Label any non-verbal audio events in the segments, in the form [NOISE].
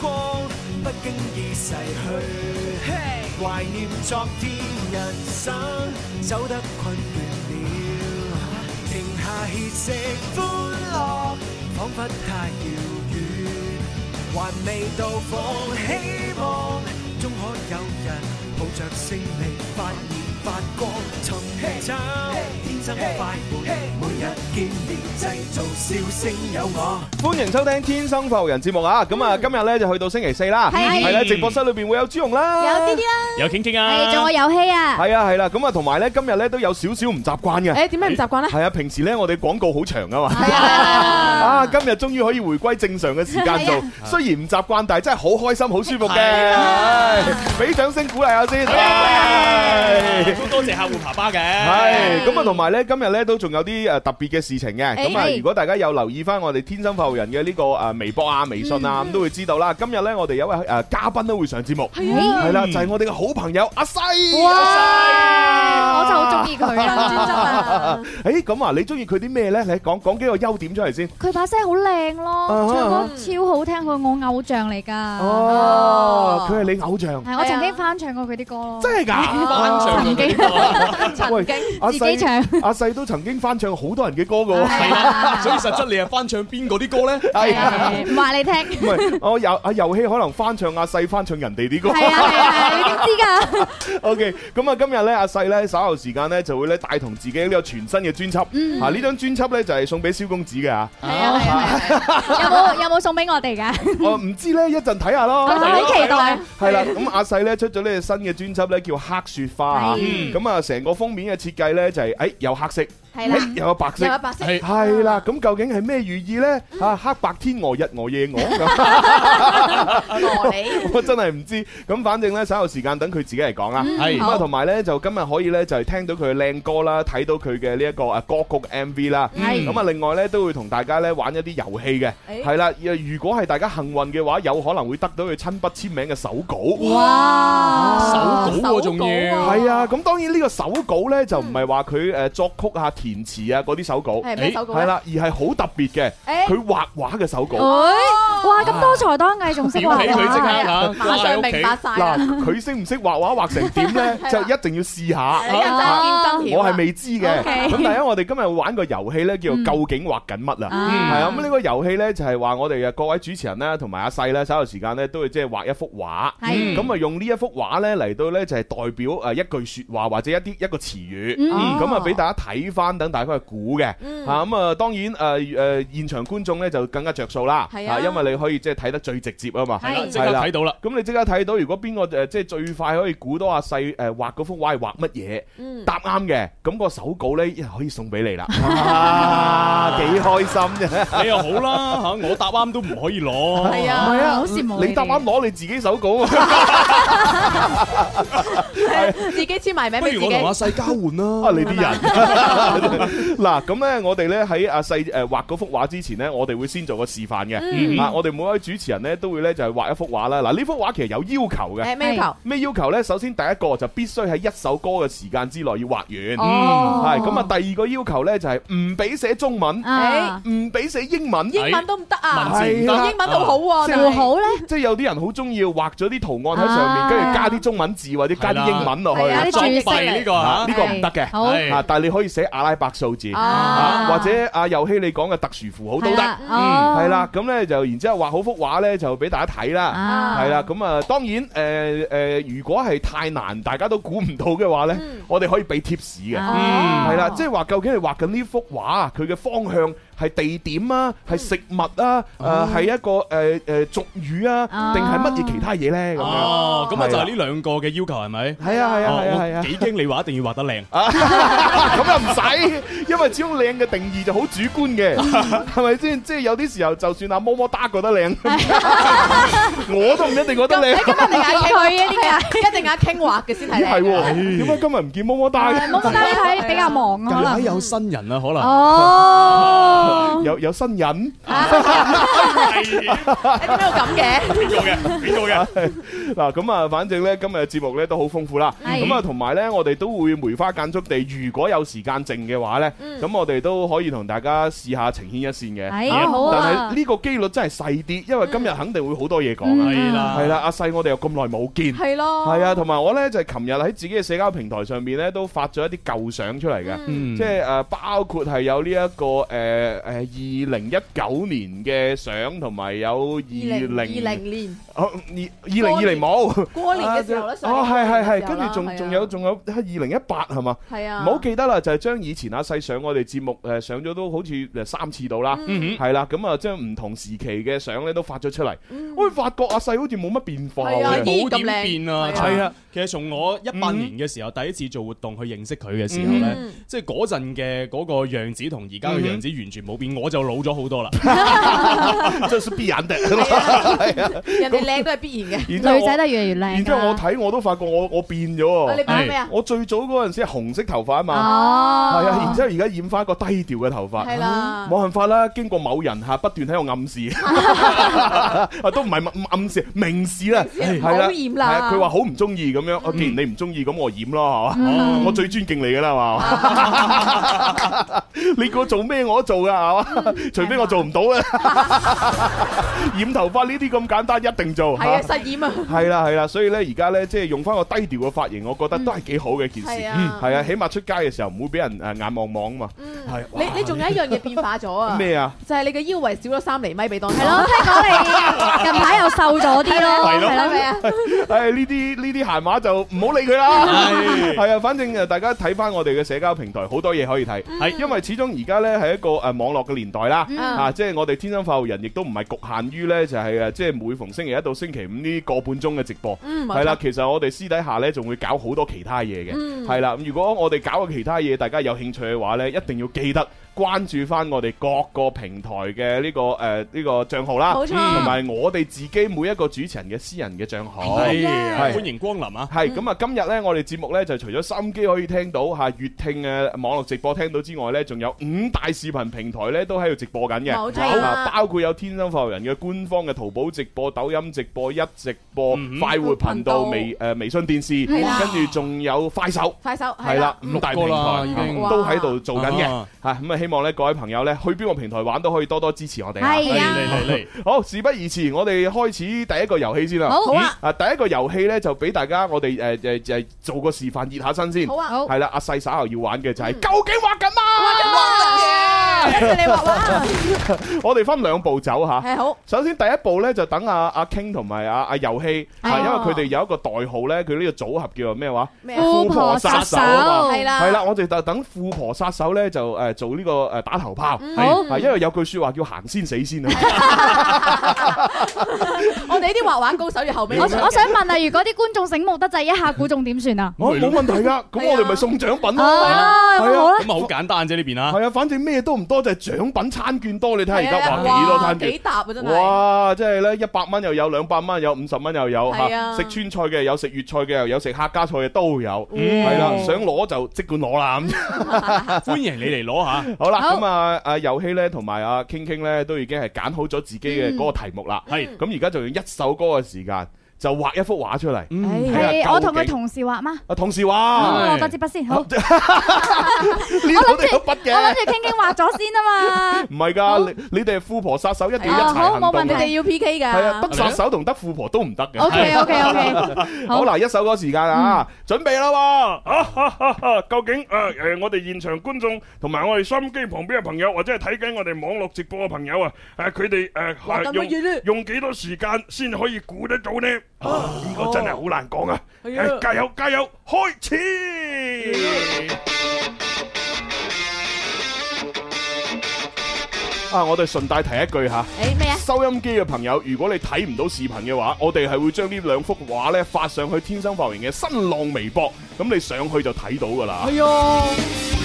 光不經意逝去，懷念昨天。人生走得困倦了，停下歇息，歡樂仿佛太遙遠，還未到訪。希望，終可有日抱着勝利發現。歡迎收聽《天生浮人》節目啊！咁啊，今日咧就去到星期四啦，係啦，直播室裏邊會有朱融啦，有啲啲啦，有傾傾啊，係做我遊戲啊，係啊係啦！咁啊，同埋咧今日咧都有少少唔習慣嘅，誒，點解唔習慣咧？係啊，平時咧我哋廣告好長噶嘛，啊，今日終於可以回歸正常嘅時間做，雖然唔習慣，但係真係好開心、好舒服嘅，俾掌聲鼓勵下先。多謝客戶爸爸嘅。係咁啊，同埋咧，今日咧都仲有啲誒特別嘅事情嘅。咁啊，如果大家有留意翻我哋天生浮人嘅呢個誒微博啊、微信啊，咁都會知道啦。今日咧，我哋有位誒嘉賓都會上節目，係啦，就係我哋嘅好朋友阿細。哇！我就好中意佢啦。誒，咁啊，你中意佢啲咩咧？你講講幾個優點出嚟先。佢把聲好靚咯，唱歌超好聽，佢我偶像嚟㗎。哦，佢係你偶像。係，我曾經翻唱過佢啲歌。真係㗎，翻唱。曾經自己唱，阿細都曾經翻唱好多人嘅歌嘅，所以實質你係翻唱邊個啲歌咧？唔話你聽，唔係我遊阿遊戲，可能翻唱阿細翻唱人哋啲歌。係啊係啊，點知㗎？OK，咁啊今日咧阿細咧稍後時間咧就會咧帶同自己呢個全新嘅專輯，啊呢張專輯咧就係送俾蕭公子嘅嚇。有冇有冇送俾我哋㗎？我唔知咧，一陣睇下咯。我好期待。係啦，咁阿細咧出咗呢個新嘅專輯咧，叫《黑雪花》。嗯，咁啊，成個封面嘅設計咧，就係誒有黑色。係啦，又有白色，係啦，咁究竟係咩寓意咧？啊，黑白天鵝、日鵝、夜鵝咁，我真係唔知。咁反正咧，稍後時間等佢自己嚟講啦。係咁啊，同埋咧就今日可以咧就係聽到佢靚歌啦，睇到佢嘅呢一個誒歌曲 MV 啦。咁啊，另外咧都會同大家咧玩一啲遊戲嘅。係啦，如果係大家幸運嘅話，有可能會得到佢親筆簽名嘅手稿。哇！手稿喎，仲要係啊！咁當然呢個手稿咧就唔係話佢誒作曲啊。言詞啊，嗰啲手稿，係手稿，係啦，而係好特別嘅，佢畫畫嘅手稿。哇，咁多才多藝，仲識畫畫。點俾佢即刻啊？馬上明白曬。嗱，佢識唔識畫畫畫成點咧？就一定要試下。我係未知嘅。咁第一，我哋今日玩個遊戲咧，叫做究竟畫緊乜啊？係啊，咁呢個遊戲咧就係話，我哋嘅各位主持人咧，同埋阿細咧，稍有時間咧，都會即係畫一幅畫。咁啊，用呢一幅畫咧嚟到咧，就係代表誒一句説話或者一啲一個詞語。咁啊，俾大家睇翻。等大家去估嘅，吓咁啊！當然誒誒，現場觀眾咧就更加着數啦，係啊，因為你可以即係睇得最直接啊嘛，係啦，即刻睇到啦。咁你即刻睇到，如果邊個誒即係最快可以估到阿細誒畫嗰幅畫係畫乜嘢，答啱嘅，咁個手稿咧可以送俾你啦，幾開心啫！你又好啦吓，我答啱都唔可以攞，係啊係啊，好羨慕你答啱攞你自己手稿，自己簽埋名，不如我同阿細交換啦，你啲人。嗱咁咧，我哋咧喺阿細誒畫嗰幅畫之前咧，我哋會先做個示範嘅。嗱，我哋每位主持人咧都會咧就係畫一幅畫啦。嗱，呢幅畫其實有要求嘅，咩要求？咩要求咧？首先第一個就必須喺一首歌嘅時間之內要畫完。係咁啊，第二個要求咧就係唔俾寫中文，唔俾寫英文，英文都唔得啊。文字英文都好喎，好咧。即係有啲人好中意畫咗啲圖案喺上面，跟住加啲中文字或者加啲英文落去啊，呢個呢個唔得嘅。啊，但係你可以寫阿拉伯數字，啊、或者啊遊戲你講嘅特殊符號都得，係啦。咁咧就然之後畫好幅畫咧，就俾大家睇啦，係啦、啊。咁啊，當然誒誒、呃呃，如果係太難，大家都估唔到嘅話咧，嗯、我哋可以俾 tips 嘅、嗯，係啦、嗯。即係話究竟係畫緊呢幅畫佢嘅方向。係地點啊，係食物啊，誒，係一個誒誒俗語啊，定係乜嘢其他嘢咧？咁樣哦，咁啊就係呢兩個嘅要求係咪？係啊係啊係啊係啊！幾驚你話一定要畫得靚啊！咁又唔使，因為只要靚嘅定義就好主觀嘅，係咪先？即係有啲時候就算阿么么噠覺得靚，我都唔一定覺得靚。你今日定眼睇佢嘅啲咩啊？一定要聽話嘅先係。咦，係喎，點解今日唔見么么噠？么么噠呢？係比較忙啊嘛。解有新人啊，可能。哦。有有新人，點解要咁嘅？邊個嘅？邊個嘅？嗱咁啊，反正咧今日嘅節目咧都好豐富啦。咁啊，同埋咧，我哋都會梅花間竹地。如果有時間剩嘅話咧，咁我哋都可以同大家試下情牽一線嘅。係啊，好，但係呢個幾率真係細啲，因為今日肯定會好多嘢講啊。係啦，係啦，阿細，我哋又咁耐冇見。係咯，係啊。同埋我咧就係琴日喺自己嘅社交平台上面咧都發咗一啲舊相出嚟嘅，即係誒，包括係有呢一個誒。誒，二零一九年嘅相，同埋有二零二零年，二二零二零冇過年嘅時候咧，相哦係係係，跟住仲仲有仲有二零一八係嘛，係啊，唔好記得啦，就係將以前阿細上我哋節目誒上咗都好似誒三次到啦，嗯哼，係啦，咁啊將唔同時期嘅相咧都發咗出嚟，我會發覺阿細好似冇乜變化，冇咁變啊，係啊，其實從我一八年嘅時候第一次做活動去認識佢嘅時候咧，即係嗰陣嘅嗰個樣子同而家嘅樣子完全。冇變，我就老咗好多啦。這是必然的，係啊，人哋靚都係必然嘅。女仔都越嚟越靚。然之後我睇我都發覺我我變咗。你講咩啊？我最早嗰陣時紅色頭髮啊嘛。哦。係啊，然之後而家染翻一個低調嘅頭髮。係啦。冇辦法啦，經過某人嚇不斷喺度暗示。都唔係暗示，明示啦，係啦。好染啦。佢話好唔中意咁樣。既然你唔中意，咁我染咯，係嘛？我最尊敬你嘅啦，係嘛？你叫做咩我都做噶。除非我做唔到咧，染頭髮呢啲咁簡單，一定做。係啊，實染啊。係啦，係啦，所以咧，而家咧，即係用翻個低調嘅髮型，我覺得都係幾好嘅一件事。係啊，起碼出街嘅時候唔會俾人誒眼望望啊嘛。嗯，你你仲有一樣嘢變化咗啊？咩啊？就係你嘅腰圍少咗三厘米比當年。係咯，聽講你近排又瘦咗啲咯。係咯，係咯，係啊。誒，呢啲呢啲閒話就唔好理佢啦。係啊，反正大家睇翻我哋嘅社交平台，好多嘢可以睇。係，因為始終而家咧係一個誒。網絡嘅年代啦，Yeah. 啊，即係我哋天生化后人，亦都唔係局限於呢，就係、誒、即係每逢星期一到星期五呢個半鐘嘅直播，係啦，其實我哋私底下呢仲會搞好多其他嘢嘅，係啦、mm.，如果我哋搞嘅其他嘢，大家有興趣嘅話呢，一定要記得關注返我哋各個平台嘅呢個誒呢個帳號啦，同埋我哋自己每一個主持人嘅私人嘅帳號。係啊，歡迎光臨啊！係咁啊，今日咧我哋節目咧就除咗收音機可以聽到嚇，粵聽嘅網絡直播聽到之外咧，仲有五大視頻平台咧都喺度直播緊嘅。有包括有天生服務人嘅官方嘅淘寶直播、抖音直播、一直播、快活頻道、微誒微信電視，跟住仲有快手。快手係啦，五大平台已經都喺度做緊嘅嚇，咁啊希。希望咧各位朋友咧去邊個平台玩都可以多多支持我哋，啊。係嚟嚟嚟！好，事不宜遲，我哋開始第一個遊戲先啦。好，好啊，啊，第一個遊戲咧就俾大家我哋誒誒誒做個示範熱下身先。好啊，好。係啦，阿細稍後要玩嘅就係、是嗯、究竟畫緊乜？跟住你畫畫，我哋分兩步走吓，好。首先第一步咧，就等阿阿 King 同埋阿阿游氣，係因為佢哋有一個代號咧，佢呢個組合叫做咩話？富婆殺手係啦，係啦，我哋就等富婆殺手咧就誒做呢個誒打頭炮，係係，因為有句說話叫行先死先啊。我哋呢啲畫畫高手要後邊。我我想問啊，如果啲觀眾醒目得滯一下，估中點算啊？我冇問題噶，咁我哋咪送獎品咯。係啊，咁啊好簡單啫，呢邊啊，係啊，反正咩都唔。多就係獎品餐券多，你睇下而家哇幾多餐券多、啊、哇！即係呢，一百蚊又有，兩百蚊又有，五十蚊又有嚇。食川菜嘅有，食粵菜嘅又有，食客家菜嘅都有，係、嗯啊、啦。想攞就即管攞啦，咁歡迎你嚟攞嚇。好啦，咁啊啊遊戲呢同埋啊傾傾呢，都已經係揀好咗自己嘅嗰個題目啦。係咁而家就用一首歌嘅時間。就畫一幅畫出嚟，係我同佢同時畫嗎？啊，同時畫，我攞支筆先，好。我諗住筆嘅，我諗住傾傾畫咗先啊嘛。唔係噶，你你哋係富婆殺手，一定一塵。好，我問你哋要 P K 噶。係啊，得殺手同得富婆都唔得嘅。O K O K O K，好啦，一首歌時間啊，準備啦喎。究竟誒誒，我哋現場觀眾同埋我哋收音機旁邊嘅朋友，或者係睇緊我哋網絡直播嘅朋友啊，誒，佢哋誒用用幾多時間先可以估得到呢？啊！呢、啊、個真係好難講啊！的加油加油，開始！的啊，我哋順帶提一句吓，誒咩啊？收音機嘅朋友，如果你睇唔到視頻嘅話，我哋係會將呢兩幅畫咧發上去天生髮型嘅新浪微博，咁你上去就睇到噶啦。係啊。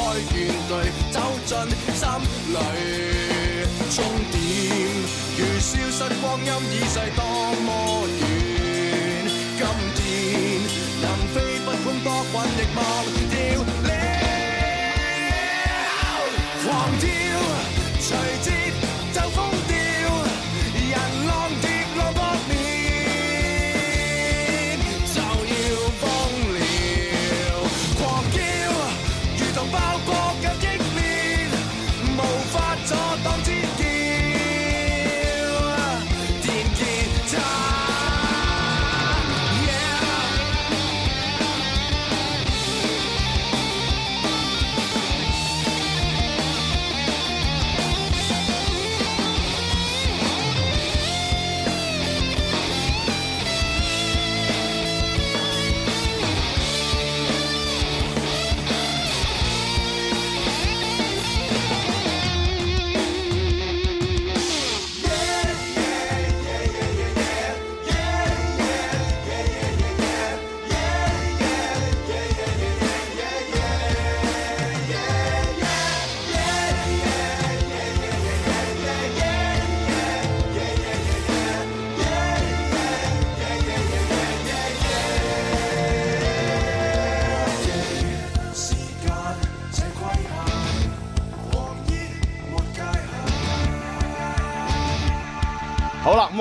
開原地走進心裏，終點如消失光陰已逝多麼遠，今天能飛不管多晚亦。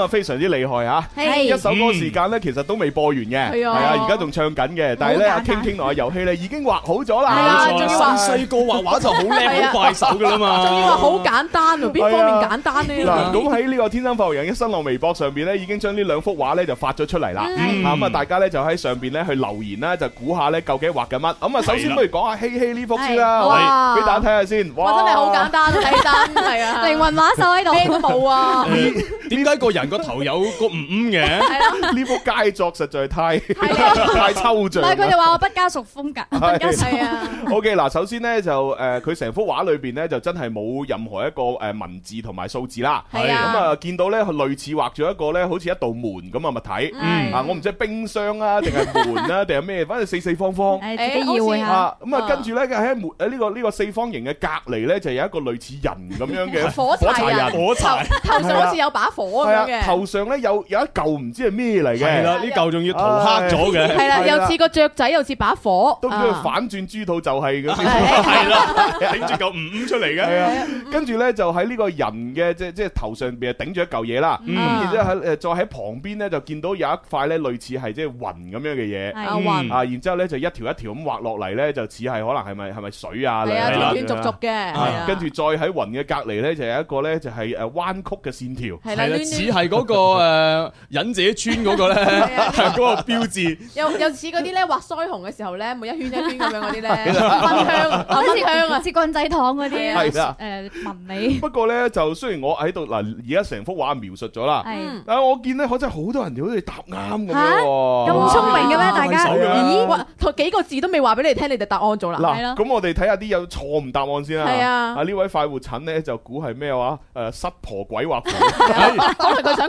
非常之厲害啊！一首歌時間咧，其實都未播完嘅，係啊，而家仲唱緊嘅。但係咧傾傾落去遊戲咧，已經畫好咗啦。係啊，仲要細個畫畫就好叻好快手㗎啦嘛。仲要話好簡單，邊方面簡單呢？嗱，咁喺呢個天生發育人嘅新浪微博上邊咧，已經將呢兩幅畫咧就發咗出嚟啦。咁啊，大家咧就喺上邊咧去留言啦，就估下咧究竟畫緊乜？咁啊，首先不如講下希希呢幅先啦。哇！俾大家睇下先。哇！真係好簡單，睇膽係啊！靈魂畫手喺度，冇啊。點解個人頭有個五嘅，呢幅佳作實在太太抽象。但係佢哋話我不加屬風格，不加熟啊。O K，嗱首先咧就誒，佢成幅畫裏邊咧就真係冇任何一個誒文字同埋數字啦。係啊，咁啊見到咧佢類似畫咗一個咧，好似一道門咁嘅物體。嗯，啊我唔知冰箱啊定係門啊定係咩，反正四四方方。誒，自己意會下。咁啊，跟住咧喺門誒呢個呢個四方形嘅隔籬咧，就有一個類似人咁樣嘅火柴人。火柴，頭上好似有把火咁樣嘅。頭上咧有有一嚿唔知係咩嚟嘅，係啦，呢嚿仲要塗黑咗嘅，係啦，又似個雀仔又似把火，都叫佢反轉豬肚就係嘅，係啦，頂住嚿五出嚟嘅，跟住咧就喺呢個人嘅即即頭上邊啊頂住一嚿嘢啦，嗯，然之後喺誒再喺旁邊咧就見到有一塊咧類似係即係雲咁樣嘅嘢，啊啊，然之後咧就一條一條咁畫落嚟咧就似係可能係咪係咪水啊嚟啦，斷斷續續嘅，跟住再喺雲嘅隔籬咧就有一個咧就係誒彎曲嘅線條，係啦似係嗰個忍者村嗰個咧，嗰個標誌又似嗰啲咧，畫腮紅嘅時候咧，每一圈一圈咁樣嗰啲咧，香好似香啊，似軍仔糖嗰啲啊，誒紋你。不過咧就雖然我喺度嗱，而家成幅畫描述咗啦，但我見咧，我真係好多人好似答啱咁樣喎，咁聰明嘅咩大家？咦，幾個字都未話俾你聽，你哋答案咗啦？嗱，咁我哋睇下啲有錯誤答案先啦。係啊，啊呢位快活塵咧就估係咩話？誒失婆鬼畫，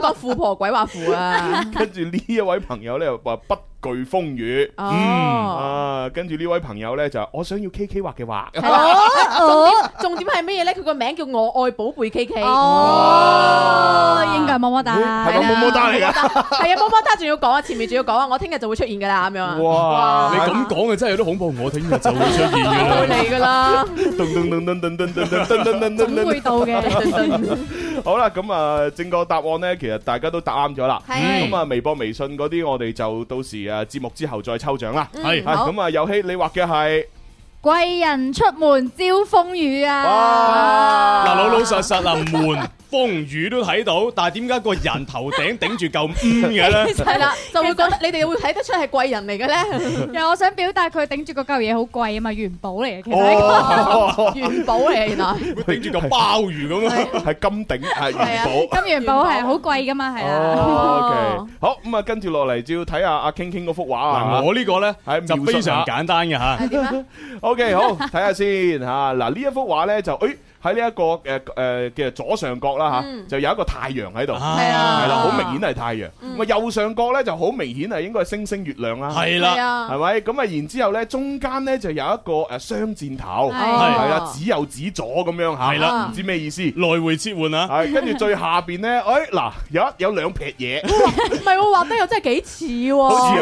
個富婆鬼話富啊， [LAUGHS] [LAUGHS] 跟住呢一位朋友咧又話不。巨風雨，嗯啊，跟住呢位朋友咧就我想要 K K 畫嘅畫，重點重點係乜嘢咧？佢個名叫我愛寶貝 K K，哦，應該係麼么噠，係咪麼么噠嚟噶，係啊，麼么噠仲要講啊，前面仲要講啊，我聽日就會出現噶啦咁樣啊，哇，你咁講嘅真係有啲恐怖，我聽日就會出現，會嚟噶啦，噔噔噔總會到嘅，好啦，咁啊，正確答案咧，其實大家都答啱咗啦，咁啊，微博、微信嗰啲，我哋就到時。誒，節目之後再抽獎啦，係咁啊！遊戲你畫嘅係貴人出門招風雨啊，哇，嗱，老老實實啦，臨門。風雨都睇到，但係點解個人頭頂頂住咁嘅咧？係啦，就會覺得你哋會睇得出係貴人嚟嘅咧。又 [LAUGHS] 我想表達佢頂住個嚿嘢好貴啊嘛，元寶嚟嘅。其哦，元寶嚟，哦、原來頂，會頂住嚿鮑魚咁樣，係金頂係元寶，啊，金元寶係好貴噶嘛，係啊。哦、OK，哦、好咁啊，跟住落嚟就要睇下阿慶慶嗰幅畫啊。嗱，我呢個咧係就非常簡單嘅吓。啊啊、o、okay, k 好睇下先吓。嗱、啊、呢一幅畫咧就誒。哎喺呢一個誒誒嘅左上角啦嚇，就有一個太陽喺度，係啦，好明顯係太陽。咁右上角咧就好明顯係應該係星星月亮啦，係啦，係咪？咁啊然之後咧，中間咧就有一個誒雙箭頭，係啊，指右指左咁樣嚇，係啦，唔知咩意思？來回切換啊，係跟住最下邊咧，誒嗱有有兩撇嘢，唔係喎，畫得又真係幾似喎，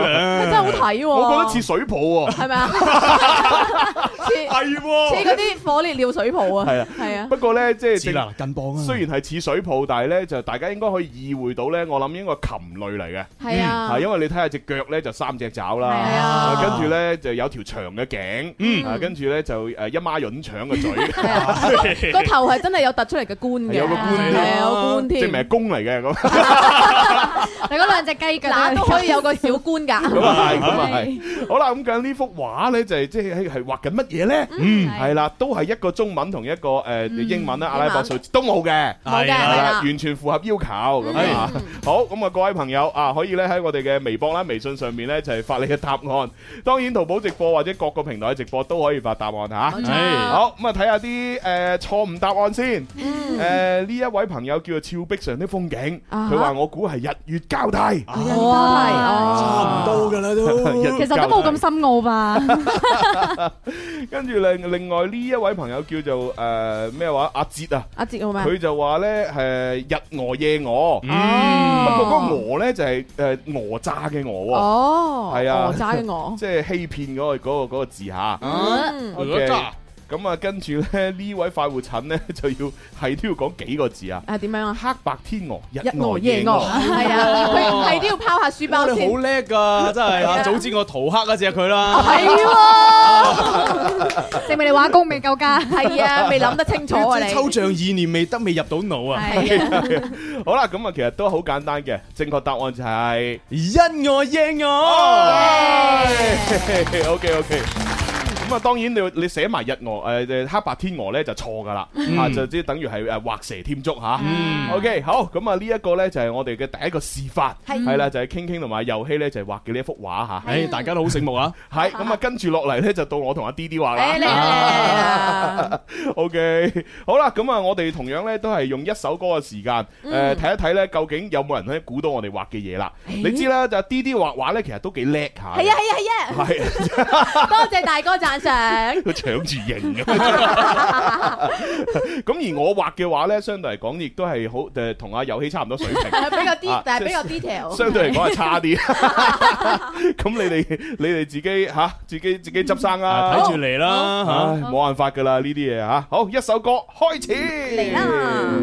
真係好睇喎，我覺得似水泡喎，係咪啊？係似嗰啲火烈鳥水泡啊，係啊。不過咧，即係雖然係似水泡，但係咧就大家應該可以意會到咧，我諗應該禽類嚟嘅。係啊，係因為你睇下隻腳咧就三隻爪啦，係啊，跟住咧就有條長嘅頸，嗯，跟住咧就誒一孖潤腸嘅嘴，個頭係真係有凸出嚟嘅冠嘅，有個冠，係有冠添，證明係公嚟嘅。咁，你嗰兩隻雞腳都可以有個小冠噶，咁啊係，咁啊係。好啦，咁講呢幅畫咧就係即係係畫緊乜嘢咧？嗯，係啦，都係一個中文同一個誒。誒，英文啦，阿拉伯數字都冇嘅，係啊，完全符合要求咁啊。好，咁啊，各位朋友啊，可以咧喺我哋嘅微博啦、微信上面咧，就係發你嘅答案。當然，淘寶直播或者各個平台直播都可以發答案吓。好咁啊，睇下啲誒錯誤答案先。誒，呢一位朋友叫做峭壁上的風景，佢話我估係日月交替，日月交替，差唔多噶啦都。其實都冇咁深奧吧。跟住另另外呢一位朋友叫做誒。咩話阿哲啊？阿哲好咩？佢就話咧，係日俄夜俄。嗯、不過個鵝咧就係誒訛詐嘅鵝，係、呃哦哦、啊，訛詐嘅鵝，即係欺騙嗰、那個嗰、那個嗰、那個字吓。嗯 Okay. 嗯咁啊，跟住咧呢位快活診咧就要係都要講幾個字啊？啊點樣啊？黑白天鵝，日鵝夜鵝，係啊，佢係都要拋下書包先。好叻噶，真係啊！早知我塗黑嗰隻佢啦。係喎，證明你畫功未夠㗎。係啊，未諗得清楚啊你。抽象意念未得，未入到腦啊。係啊。好啦，咁啊，其實都好簡單嘅，正確答案就係日鵝夜鵝。O K O K。咁啊，當然你你寫埋日鵝誒誒黑白天鵝咧就錯噶啦，吓，就即係等於係誒畫蛇添足吓。O K 好，咁啊呢一個咧就係我哋嘅第一個試法係啦，就係傾傾同埋遊戲咧就係畫嘅呢一幅畫吓，誒大家都好醒目啊，係咁啊跟住落嚟，咧就到我同阿 D D 畫啦。O K 好啦，咁啊我哋同樣咧都係用一首歌嘅時間誒，睇一睇咧，究竟有冇人可以估到我哋畫嘅嘢啦？你知啦，就 D D 畫畫咧其實都幾叻吓，係啊係啊係啊，係多謝大哥讚。搶佢搶住型咁，咁而我畫嘅話咧，相對嚟講亦都係好誒，同阿遊戲差唔多水平，比較 detail，、啊，但係比較 detail，相對嚟講係差啲。咁你哋你哋自己吓，啊，自己自己執生啦，睇住嚟啦，吓，啊，冇辦法噶啦呢啲嘢吓。好，一首歌開始嚟啦。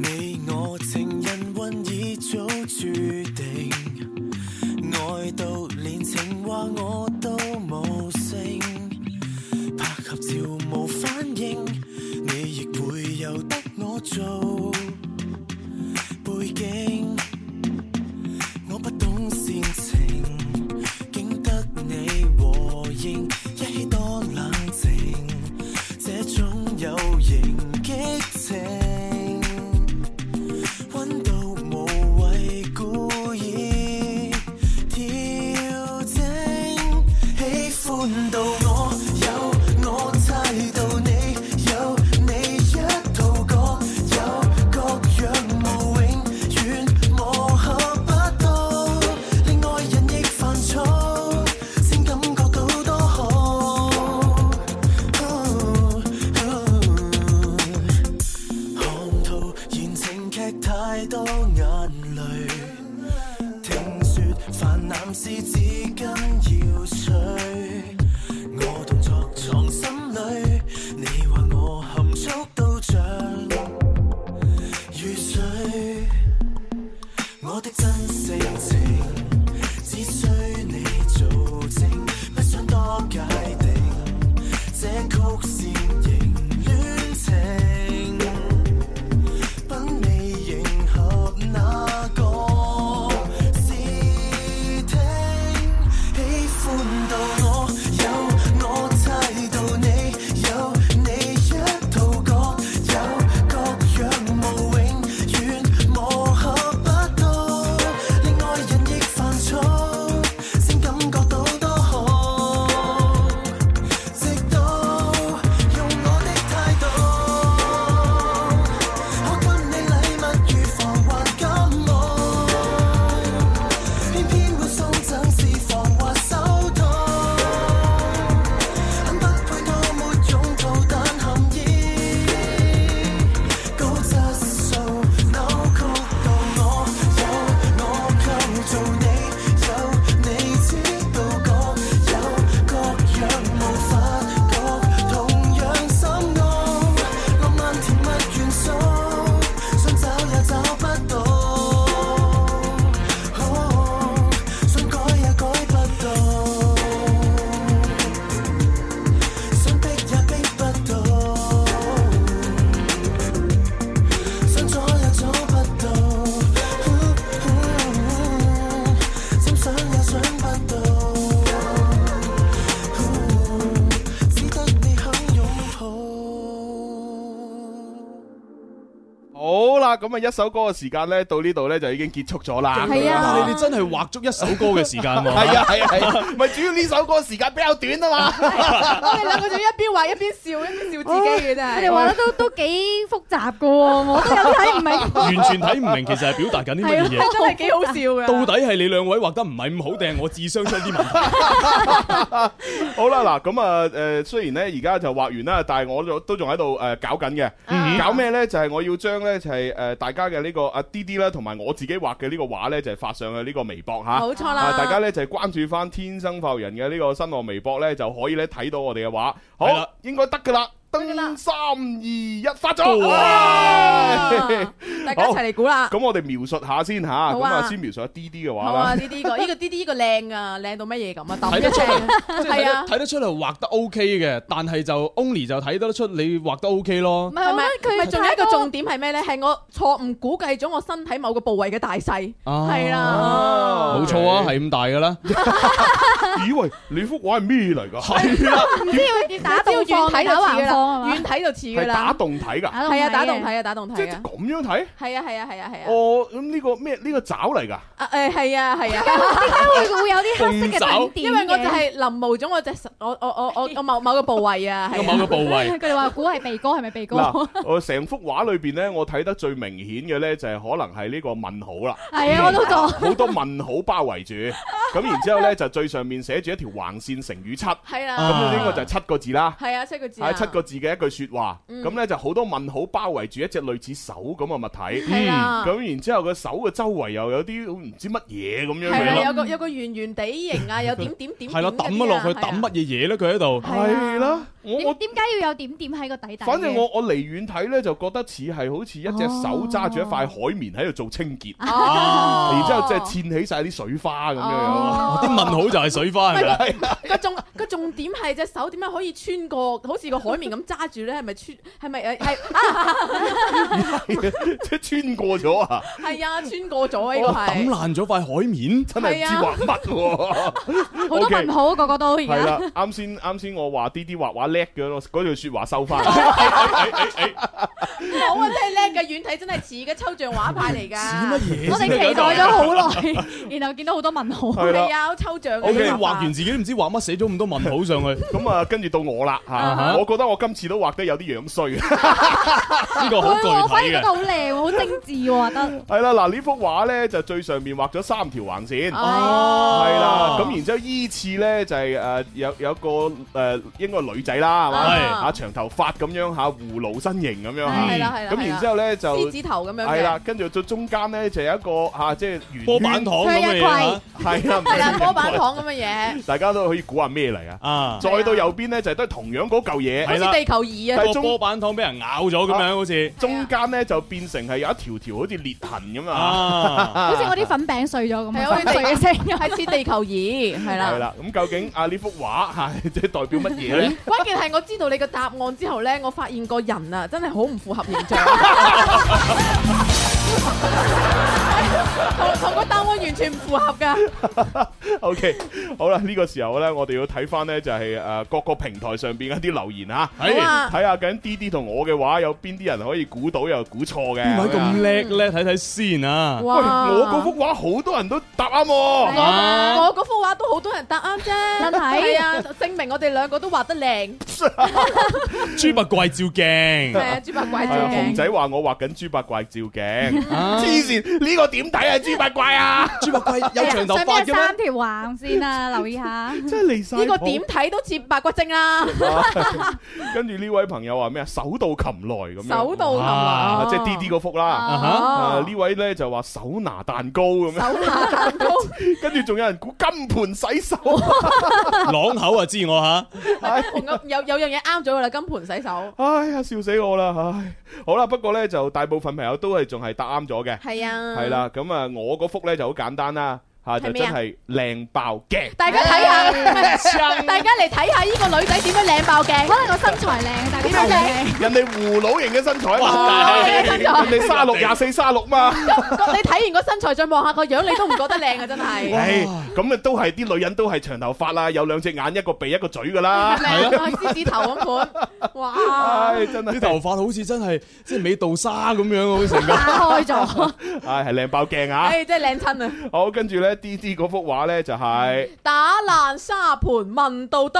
你我情人已早注定，愛到連情話我。你亦會由得我做背景，我不懂煽情，竟得你和應，一起多冷靜，這種有。咁啊，一首歌嘅時間咧，到呢度咧就已經結束咗啦。係啊，你哋真係畫足一首歌嘅時間喎。係啊係啊，唔係、啊啊啊、 [LAUGHS] 主要呢首歌時間比較短啊嘛。我哋兩個就一邊畫一邊笑，一邊笑自己嘅真係。我哋畫、啊、來得都 [LAUGHS] 都幾。答嘅我都有睇唔明，完全睇唔明，其實係表達緊啲乜嘢？真係幾好笑嘅。到底係你兩位畫得唔係咁好定係我智商出啲問題？ [LAUGHS] [LAUGHS] 好啦，嗱咁啊，誒雖然咧而家就畫完啦，但係我都仲喺度誒搞緊嘅。嗯、搞咩咧？就係、是、我要將咧就係誒大家嘅呢、這個阿滴滴啦，同、啊、埋我自己畫嘅呢個畫咧，就係、是、發上去呢個微博嚇。冇錯啦，啊、大家咧就係關注翻天生發人嘅呢個新浪微博咧，就可以咧睇到我哋嘅畫。係啦，了應該得㗎啦。登三二一，發咗，大家一齊嚟估啦。咁我哋描述下先吓，咁啊先描述一啲啲嘅話啦。啲啲個，呢個啲啲個靚啊，靚到乜嘢咁啊？睇得出係啊，睇得出嚟畫得 OK 嘅，但係就 only 就睇得出你畫得 OK 咯。唔係係，佢仲有一個重點係咩咧？係我錯誤估計咗我身體某個部位嘅大細，係啦，冇錯啊，係咁大噶啦。以為你幅畫係咩嚟噶？係啊，唔知要打到放狗啊？遠睇就似噶啦，係打動睇噶，係啊打動睇啊打動睇啊，即係咁樣睇？係啊係啊係啊係啊！哦，咁呢個咩？呢個爪嚟噶？啊誒係啊係啊，點解會會有啲黑色嘅點點嘅，因為我就係臨摹咗我隻我我我我某某個部位啊，個某個部位。佢哋話估係鼻哥，係咪鼻哥？成幅畫裏邊咧，我睇得最明顯嘅咧，就係可能係呢個問號啦。係啊，我都講好多問號包圍住。咁然之後咧，就最上面寫住一條橫線乘以七。係啊，咁呢個就係七個字啦。係啊，七個字七個。自己一句説話，咁咧、嗯、就好多問號包圍住一隻類似手咁嘅物體，咁、嗯嗯、然之後個手嘅周圍又有啲唔知乜嘢咁樣。係有個有個圓圓地形啊，有點點點,點,點、啊。係啦，揼咗落去揼乜嘢嘢咧？佢喺度，係啦的。我我點解要有點點喺個底底？反正我我離遠睇咧，就覺得似係好似一隻手揸住一塊海綿喺度做清潔，哦、然之後即係濺起晒啲水花咁樣樣，啲、哦哦、問號就係水花。個重個重點係隻手點樣可以穿過，好似個海綿咁揸住咧？係咪穿？係咪誒？係、啊、 [LAUGHS] 即係穿過咗啊！係啊，穿過咗呢個係抌爛咗塊海綿，啊、真係唔知畫乜、啊。 [LAUGHS] 好多問號，個個都而家。係啦，啱先啱先我話啲啲畫畫叻嗰條說話收翻。好啊，真係叻嘅，遠睇真係似嘅抽象畫派嚟噶。似乜嘢？我哋期待咗好耐， [LAUGHS] 然後見到好多問號，哋啦了，抽象嘅。O K，畫完自己都唔知畫乜，寫咗咁多問號上去。咁啊、 [LAUGHS] 嗯，跟、嗯、住到我啦，吓、uh huh. 我覺得我今次都畫得有啲樣衰，呢 [LAUGHS] [LAUGHS] 個好具體覺得好靚，好精致，我覺得。係啦，嗱，呢幅畫咧就最上面畫咗三條橫線，係啦、oh.，咁然之後依次咧就係、是、誒有有個誒應該女仔啦。啊，係啊，長頭髮咁樣，吓葫蘆身形咁樣，係啦，係啦。咁然之後咧就獅子頭咁樣，係啦。跟住到中間咧就有一個吓，即係圓波板糖咁嘅嘢，係啦，波板糖咁嘅嘢。大家都可以估下咩嚟啊？再到右邊咧就係都係同樣嗰嚿嘢，係似地球儀啊，個波板糖俾人咬咗咁樣，好似中間咧就變成係有一條條好似裂痕咁啊，好似我啲粉餅碎咗咁，碎嘅聲，係似地球儀，係啦，係啦。咁究竟啊呢幅畫吓即係代表乜嘢咧？係我知道你嘅答案之後咧，我發現個人啊，真係好唔符合形象。 [LAUGHS] [LAUGHS] 同同個答案完全唔符合噶。O K，好啦，呢個時候咧，我哋要睇翻咧就係誒各個平台上邊一啲留言啊，睇睇下緊 D D 同我嘅畫有邊啲人可以估到又估錯嘅。唔係咁叻咧，睇睇先啊。喂，我嗰幅畫好多人都答啱。我嗰幅畫都好多人答啱啫。真係。係啊，證明我哋兩個都畫得靚。豬八怪照鏡。係啊，豬八怪照鏡。熊仔話我畫緊豬八怪照鏡。黐綫，呢個點睇？誒，豬八怪啊！豬八怪有長頭髮嘅三條橫線啊，留意下。即係離呢個點睇都似白骨精啦、啊 [LAUGHS] 啊。跟住呢位朋友話咩啊？手到擒來咁樣。手到擒來，即係啲啲嗰幅啦。啊哈啊、位呢位咧就話手拿蛋糕咁樣。手拿蛋糕。 [LAUGHS] 跟住仲有人估金盆洗手。 [LAUGHS] 哦、 [LAUGHS] 朗口啊，知我吓。有有樣嘢啱咗噶啦，金盆洗手。唉呀，笑死我啦！唉、哎，好啦，不過咧就大部分朋友都係仲係答啱咗嘅。係啊呀。係啦，咁、嗯、啊。我嗰幅咧就好簡單啦。啊！真係靚爆鏡，大家睇下，大家嚟睇下呢個女仔點樣靚爆鏡。可能個身材靚，但係點樣靚？人哋葫蘆型嘅身材嘛，人哋卅六廿四卅六嘛。你睇完個身材再望下個樣，你都唔覺得靚啊！真係。咁啊都係啲女人都係長頭髮啦，有兩隻眼，一個鼻，一個嘴噶啦，係獅子頭咁款。哇！真係啲頭髮好似真係即係美杜莎咁樣似成個。散開咗。唉，係靚爆鏡啊！唉，真係靚親啊！好，跟住咧。啲啲幅畫咧就係打爛沙盤問到篤，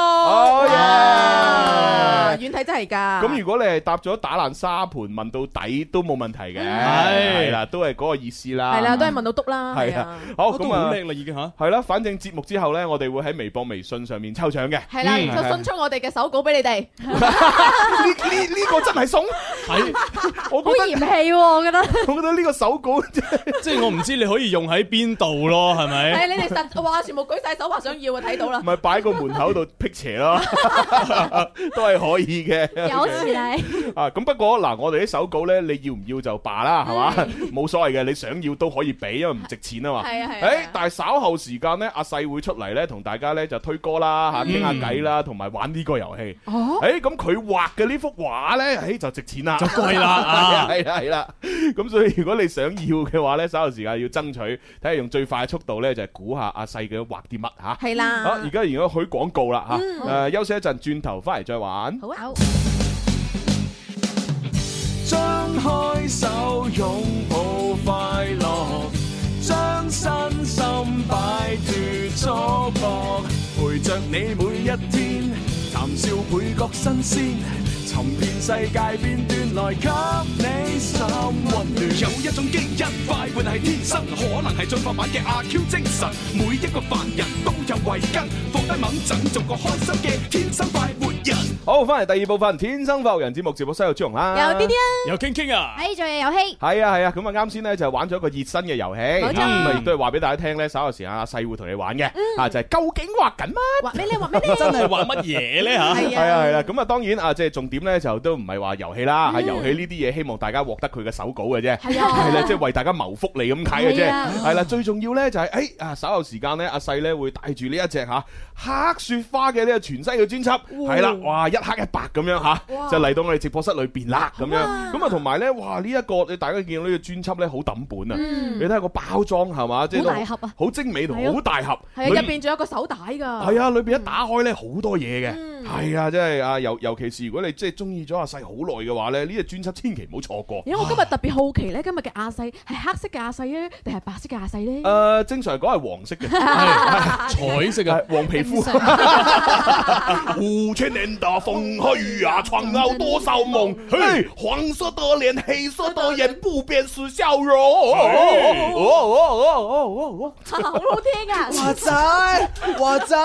遠睇真係噶。咁如果你係答咗打爛沙盤問到底都冇問題嘅，係啦，都係嗰個意思啦。係啦，都係問到篤啦。係啦，好咁啊，好靚啦已經吓，係啦，反正節目之後咧，我哋會喺微博、微信上面抽獎嘅。係啦，然後送出我哋嘅手稿俾你哋。呢呢個真係送，我好嫌棄我覺得。我覺得呢個手稿即係我唔知你可以用喺邊度咯。係啊！你哋實哇，全部舉晒手話想要啊，睇到啦。咪擺喺個門口度辟邪咯，都係可以嘅。有時你啊，咁不過嗱，我哋啲手稿咧，你要唔要就罷啦，係嘛，冇所謂嘅。你想要都可以俾，因為唔值錢啊嘛。係啊係。誒，但係稍後時間咧，阿細會出嚟咧，同大家咧就推歌啦吓，傾下偈啦，同埋玩呢個遊戲。哦。誒，咁佢畫嘅呢幅畫咧，誒就值錢啦。就貴啦，係啦係啦。咁所以如果你想要嘅話咧，稍後時間要爭取，睇下用最快速。度咧就係估下阿細嘅畫啲乜嚇，係啦。好，而家如果許廣告啦嚇，誒休息一陣，轉頭翻嚟再玩。好啊。張開手，擁抱快樂，將身心擺脱束縛，陪着你每一天，談笑每覺新鮮。尋遍 [MUSIC] 世界片段來給你心溫暖。有一種基因快活係天生，可能係進化版嘅阿 Q 精神。每一個凡人都有慧根，放低掹憎，做個開心嘅天生快活。好，翻嚟第二部分《天生福人》節目，直播西柚張龍啦，有啲啲啊，有傾傾啊，喺做嘢遊戲，係啊係啊，咁啊啱先咧就玩咗一個熱身嘅遊戲，咁啊亦都係話俾大家聽咧，稍後時間阿細會同你玩嘅，啊就係究竟畫緊乜？畫咩？你畫咩？你真係畫乜嘢咧？吓係啊係啦，咁啊當然啊，即係重點咧就都唔係話遊戲啦，係遊戲呢啲嘢，希望大家獲得佢嘅手稿嘅啫，啊，係啦，即係為大家謀福利咁睇嘅啫，係啦，最重要咧就係誒啊稍後時間咧阿細咧會帶住呢一隻吓黑雪花嘅呢個全新嘅專輯，係啦。哇，一黑一白咁樣吓，就嚟到我哋直播室裏邊啦咁樣。咁啊，同埋咧，哇呢一個你大家見到呢個專輯咧，好抌本啊！你睇下個包裝係咪，好大盒啊，好精美同好大盒，入邊仲有個手帶噶。係啊，裏邊一打開咧，好多嘢嘅。係啊，即係啊，尤尤其是如果你即係中意咗阿細好耐嘅話咧，呢個專輯千祈唔好錯過。因為我今日特別好奇咧，今日嘅阿細係黑色嘅阿細咧，定係白色嘅阿細咧？誒，正常嚟講係黃色嘅，彩色嘅，黃皮膚，天的風和雨啊，闖了多少夢。嘿，黃色的臉，黑色的眼，不變是笑容。好好聽啊，華仔，華仔，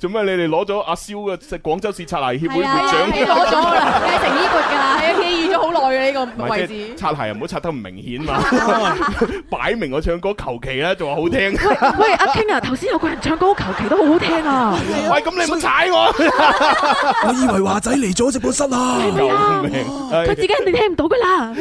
做咩？你哋攞咗阿蕭嘅廣州市擦鞋協會會長？攞咗啦，繼承衣缽噶啦，係企預咗好耐嘅呢個位置。擦鞋又唔好擦得唔明顯嘛，擺明我唱歌求其啦，仲話好聽。喂喂，阿 King 啊，頭先有個人唱歌求其都好好聽啊，喂，咁你唔好踩我。我以為華仔嚟咗直播室啊，救命！佢自己肯定聽唔到噶啦。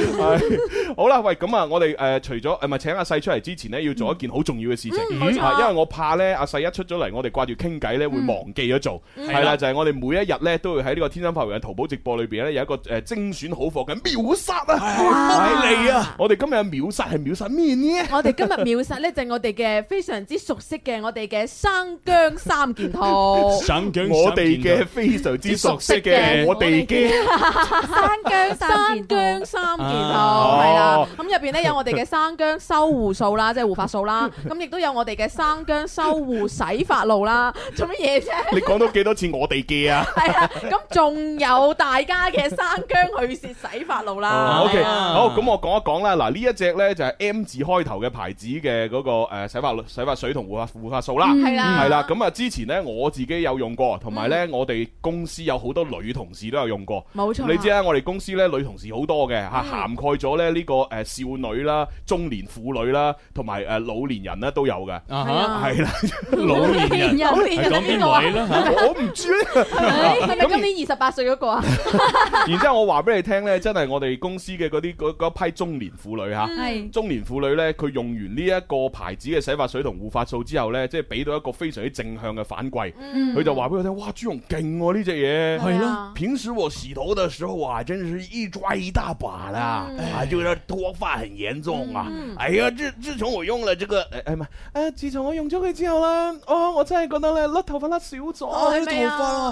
好啦，喂，咁啊，我哋誒除咗誒，咪請阿細出嚟之前呢，要做一件好重要嘅事情，因為我怕咧，阿細一出咗嚟，我哋掛住傾偈咧，會忘記咗做。係啦，就係我哋每一日咧，都會喺呢個天生發圍嘅淘寶直播裏邊咧，有一個誒精選好貨嘅秒殺啊！睇你啊！我哋今日秒殺係秒殺咩呢？我哋今日秒殺咧就係我哋嘅非常之熟悉嘅我哋嘅生姜三件套。我哋嘅非常之熟悉嘅我哋嘅生薑生薑三件套，係啦。咁入邊咧有我哋嘅生薑修護素啦，即係護髮素啦。咁亦都有我哋嘅生薑修護洗髮露啦。做乜嘢啫？你講到幾多次我哋嘅啊？係啦。咁仲有大家嘅生薑去屑洗髮露啦。OK，好。咁我講一講啦。嗱，呢一隻咧就係 M 字開頭嘅牌子嘅嗰個誒洗髮露、洗髮水同護髮護髮素啦。係啦，係啦。咁啊，之前咧我自己有用過，同埋咧我哋。公司有好多女同事都有用過，冇錯。你知啦，我哋公司咧女同事好多嘅吓，涵蓋咗咧呢個誒少女啦、中年婦女啦，同埋誒老年人啦都有嘅。啊哈，係啦，老年人，老年人邊位咧？我唔知咧，係咪今年二十八歲嗰個啊？然之後我話俾你聽咧，真係我哋公司嘅嗰啲嗰批中年婦女吓，中年婦女咧，佢用完呢一個牌子嘅洗髮水同護髮素之後咧，即係俾到一個非常之正向嘅反饋。嗯，佢就話俾我聽，哇，朱紅勁喎！呢隻嘢，係啊，平時我洗頭嘅時候啊，真係一抓一大把啦，嗯、啊，就脫髮很嚴重啊！嗯、哎呀，自自從我用了這個誒誒唔係，誒、哎哎哎、自從我用咗佢之後咧、啊，哦，我真係覺得咧甩頭髮甩少咗，頭髮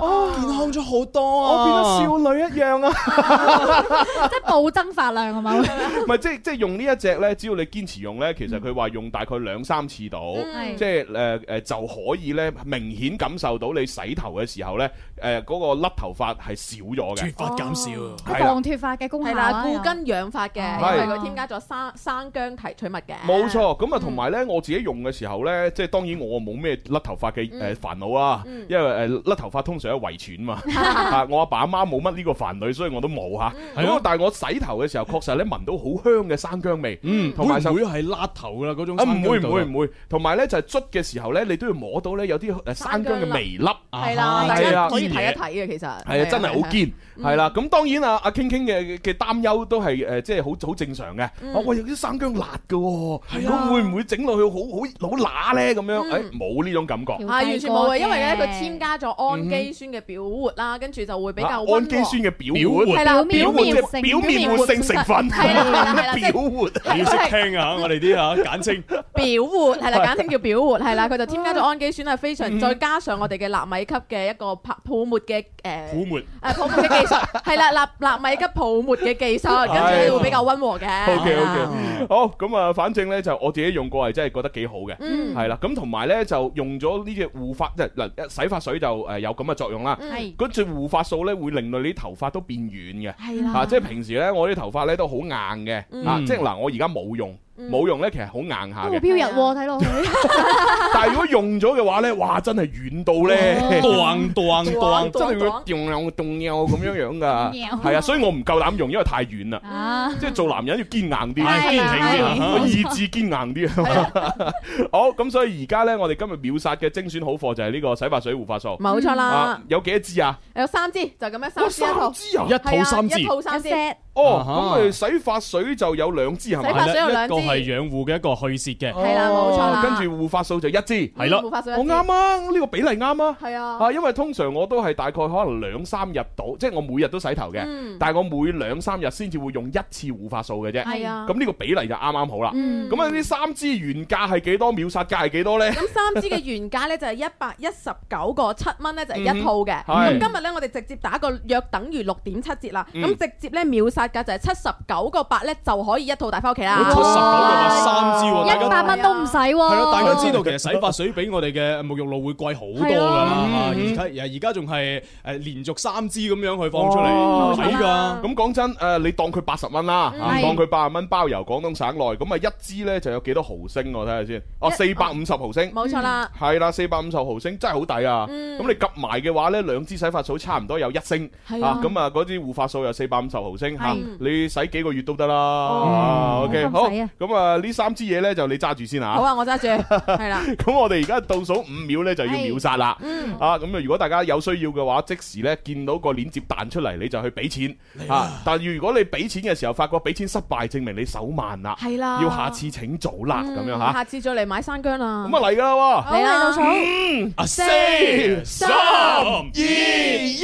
哦，健康咗好多啊，我變少女一樣啊，嗯、 [LAUGHS] [LAUGHS] 即係暴增髮量係嘛？唔係即係即係用一隻呢一隻咧，只要你堅持用咧，其實佢話用大概兩三次到，嗯、即係誒誒就可以咧明顯感受到你洗頭嘅時候咧。誒嗰個甩頭髮係少咗嘅，頭髮減少，防脫髮嘅功效，係啦，固根養髮嘅，因為佢添加咗生生薑提取物嘅。冇錯，咁啊同埋咧，我自己用嘅時候咧，即係當然我冇咩甩頭髮嘅誒煩惱啊，因為誒甩頭髮通常係遺傳嘛，啊我阿爸阿媽冇乜呢個煩惱，所以我都冇嚇。但係我洗頭嘅時候，確實咧聞到好香嘅生薑味，同埋會唔會係甩頭㗎啦嗰種？啊唔會唔會唔會，同埋咧就係捽嘅時候咧，你都要摸到咧有啲誒生薑嘅微粒，係啦係啦。睇一睇嘅，其實係啊，真係好堅，係啦。咁當然啊，阿傾傾嘅嘅擔憂都係誒，即係好好正常嘅。我喂有啲生薑辣嘅喎，係啊，會唔會整落去好好好辣咧？咁樣誒，冇呢種感覺啊，完全冇啊，因為咧佢添加咗氨基酸嘅表活啦，跟住就會比較氨基酸嘅表活，係啦，表面活性成分係啦，係啦，表活你要識聽啊，我哋啲啊簡稱表活係啦，簡稱叫表活係啦，佢就添加咗氨基酸係非常，再加上我哋嘅納米級嘅一個拍泡沫嘅誒，泡沫誒泡沫嘅技術係啦，納納米級泡沫嘅技術，跟住會比較溫和嘅。OK OK，好咁啊，反正咧就我自己用過係真係覺得幾好嘅，係啦。咁同埋咧就用咗呢隻護髮即係嗱洗髮水就誒有咁嘅作用啦。係，跟住護髮素咧會令到你啲頭髮都變軟嘅。係啦，即係平時咧我啲頭髮咧都好硬嘅。啊，即係嗱，我而家冇用。冇用咧，其實好硬下嘅。飄逸睇落去，但係如果用咗嘅話咧，哇，真係軟到咧，盪盪盪，真係要凍又凍又咁樣樣噶。係啊，所以我唔夠膽用，因為太軟啦。啊！即係做男人要堅硬啲，堅挺啲，意志堅硬啲。好，咁所以而家咧，我哋今日秒殺嘅精選好貨就係呢個洗髮水護髮素。冇錯啦。有幾多支啊？有三支，就咁樣三支。哇！三支啊！一套三支。一套三支。哦，咁誒，洗髮水就有兩支係咪？有一個係養護嘅，一個去屑嘅，係啦，冇錯。跟住護髮素就一支，係咯，護髮素一支，我啱啊，呢個比例啱啊，係啊，吓，因為通常我都係大概可能兩三日到，即係我每日都洗頭嘅，但係我每兩三日先至會用一次護髮素嘅啫，係啊，咁呢個比例就啱啱好啦。咁啊，呢三支原價係幾多？秒殺價係幾多咧？咁三支嘅原價咧就係一百一十九個七蚊咧，就係一套嘅。咁今日咧，我哋直接打個約等於六點七折啦。咁直接咧秒殺。價就係七十九個八咧，就可以一套帶翻屋企啦。七十九個八三支，一百蚊都唔使喎。係咯，大家知道其實洗髮水比我哋嘅沐浴露會貴好多噶啦。而家而家仲係誒連續三支咁樣去放出嚟，好抵㗎。咁講真誒，你當佢八十蚊啦，當佢八十蚊包郵廣東省內，咁啊一支咧就有幾多毫升？我睇下先。哦，四百五十毫升，冇錯啦。係啦，四百五十毫升真係好抵啊。咁你夾埋嘅話咧，兩支洗髮水差唔多有一升。係啊。咁啊，嗰支護髮素有四百五十毫升嚇。你使幾個月都得啦，OK 好，咁啊呢三支嘢咧，就你揸住先啊。好啊，我揸住，係啦。咁我哋而家倒數五秒咧，就要秒殺啦，啊咁啊如果大家有需要嘅話，即時咧，見到個鏈接彈出嚟，你就去俾錢啊。但如果你俾錢嘅時候發覺俾錢失敗，證明你手慢啦，係啦，要下次請早啦，咁樣吓。下次再嚟買生薑啦，咁啊嚟噶啦，係啦，倒數，五、四、三、二、一。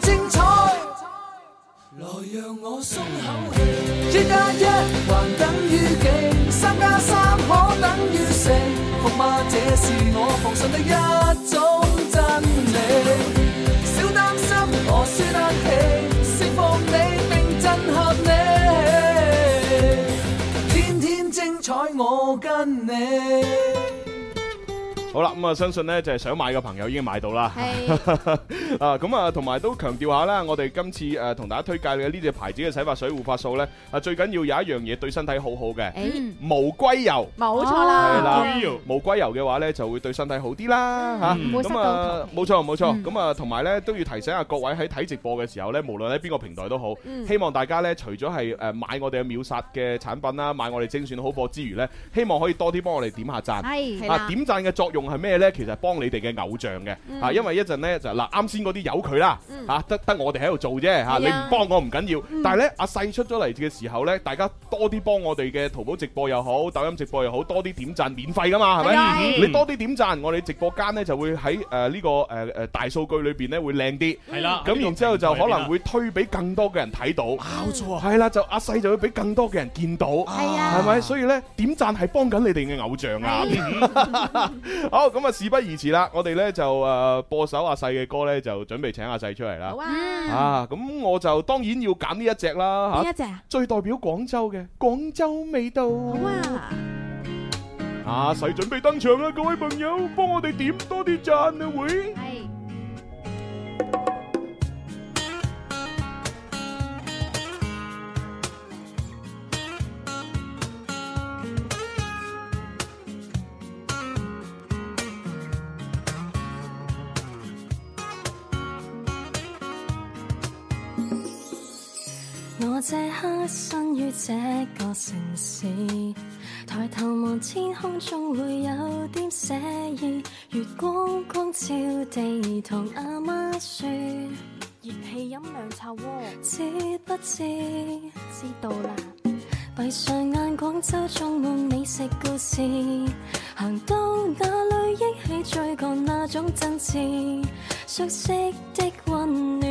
來讓我鬆口氣，一加一還等於幾？三加三可等於四？服嘛這是我奉信的一種真理。少擔心，我輸得起，釋放你並震撼你。天天精彩我跟你。好啦，咁、嗯、啊，相信咧就係、是、想買嘅朋友已經買到啦。係是啊，咁啊，同埋都強調下啦，我哋今次誒、呃、同大家推介嘅呢隻牌子嘅洗髮水、護髮素咧，啊最緊要有一樣嘢對身體好好嘅，欸、無硅油，冇錯啦，係啦，哦、無硅油嘅話咧就會對身體好啲啦，吓、嗯，咁啊，冇錯冇錯，咁啊，同埋咧都要提醒下各位喺睇直播嘅時候咧，無論喺邊個平台都好，嗯、希望大家咧除咗係誒買我哋嘅秒殺嘅產品啦，買我哋精選好貨之餘咧，希望可以多啲幫我哋點下讚，啊點讚嘅作用。係咩呢？其實幫你哋嘅偶像嘅，啊，因為一陣呢，就嗱，啱先嗰啲有佢啦，吓得得我哋喺度做啫，吓你唔幫我唔緊要，但係呢，阿細出咗嚟嘅時候呢，大家多啲幫我哋嘅淘寶直播又好，抖音直播又好，多啲點讚，免費噶嘛，係咪？你多啲點讚，我哋直播間呢就會喺誒呢個誒誒大數據裏邊呢會靚啲，係啦。咁然之後就可能會推俾更多嘅人睇到，係啦，就阿細就會俾更多嘅人見到，係啊，係咪？所以呢，點讚係幫緊你哋嘅偶像啊。好，咁啊，事不宜遲啦，我哋咧就誒播首阿細嘅歌咧，就準備請阿細出嚟啦。好啊，啊，咁我就當然要揀呢一隻啦。邊一隻？最代表廣州嘅廣州味道。好啊，阿細準備登場啦，各位朋友，幫我哋點多啲讚啊，會。係。這刻身於這個城市，抬頭望天空總會有點寫意，月光光照地堂，同阿媽說熱、哦，熱氣飲涼茶喎，知不知？知道啦。閉上眼，廣州充滿美食故事，行到哪裏憶起追趕那種真摯、熟悉的溫暖。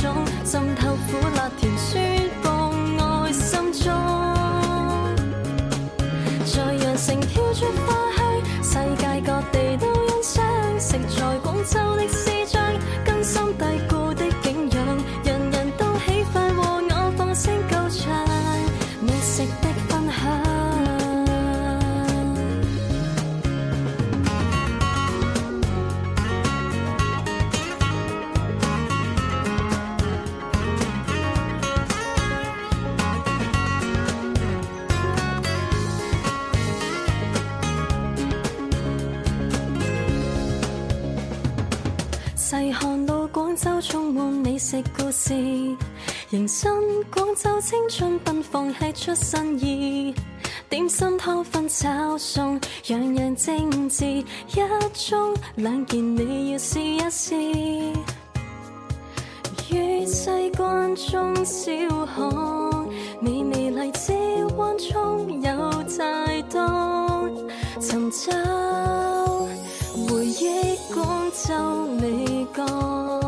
浸透苦辣甜酸放愛心中，在羊城飄出花香，世界各地都欣賞。食在廣州的。迎新廣州青春奔放係出新意，點心湯粉炒餸樣樣精致，一盅兩件你要試一試。於西關中小巷，美味荔枝灣涌有太多尋找回憶廣州味覺。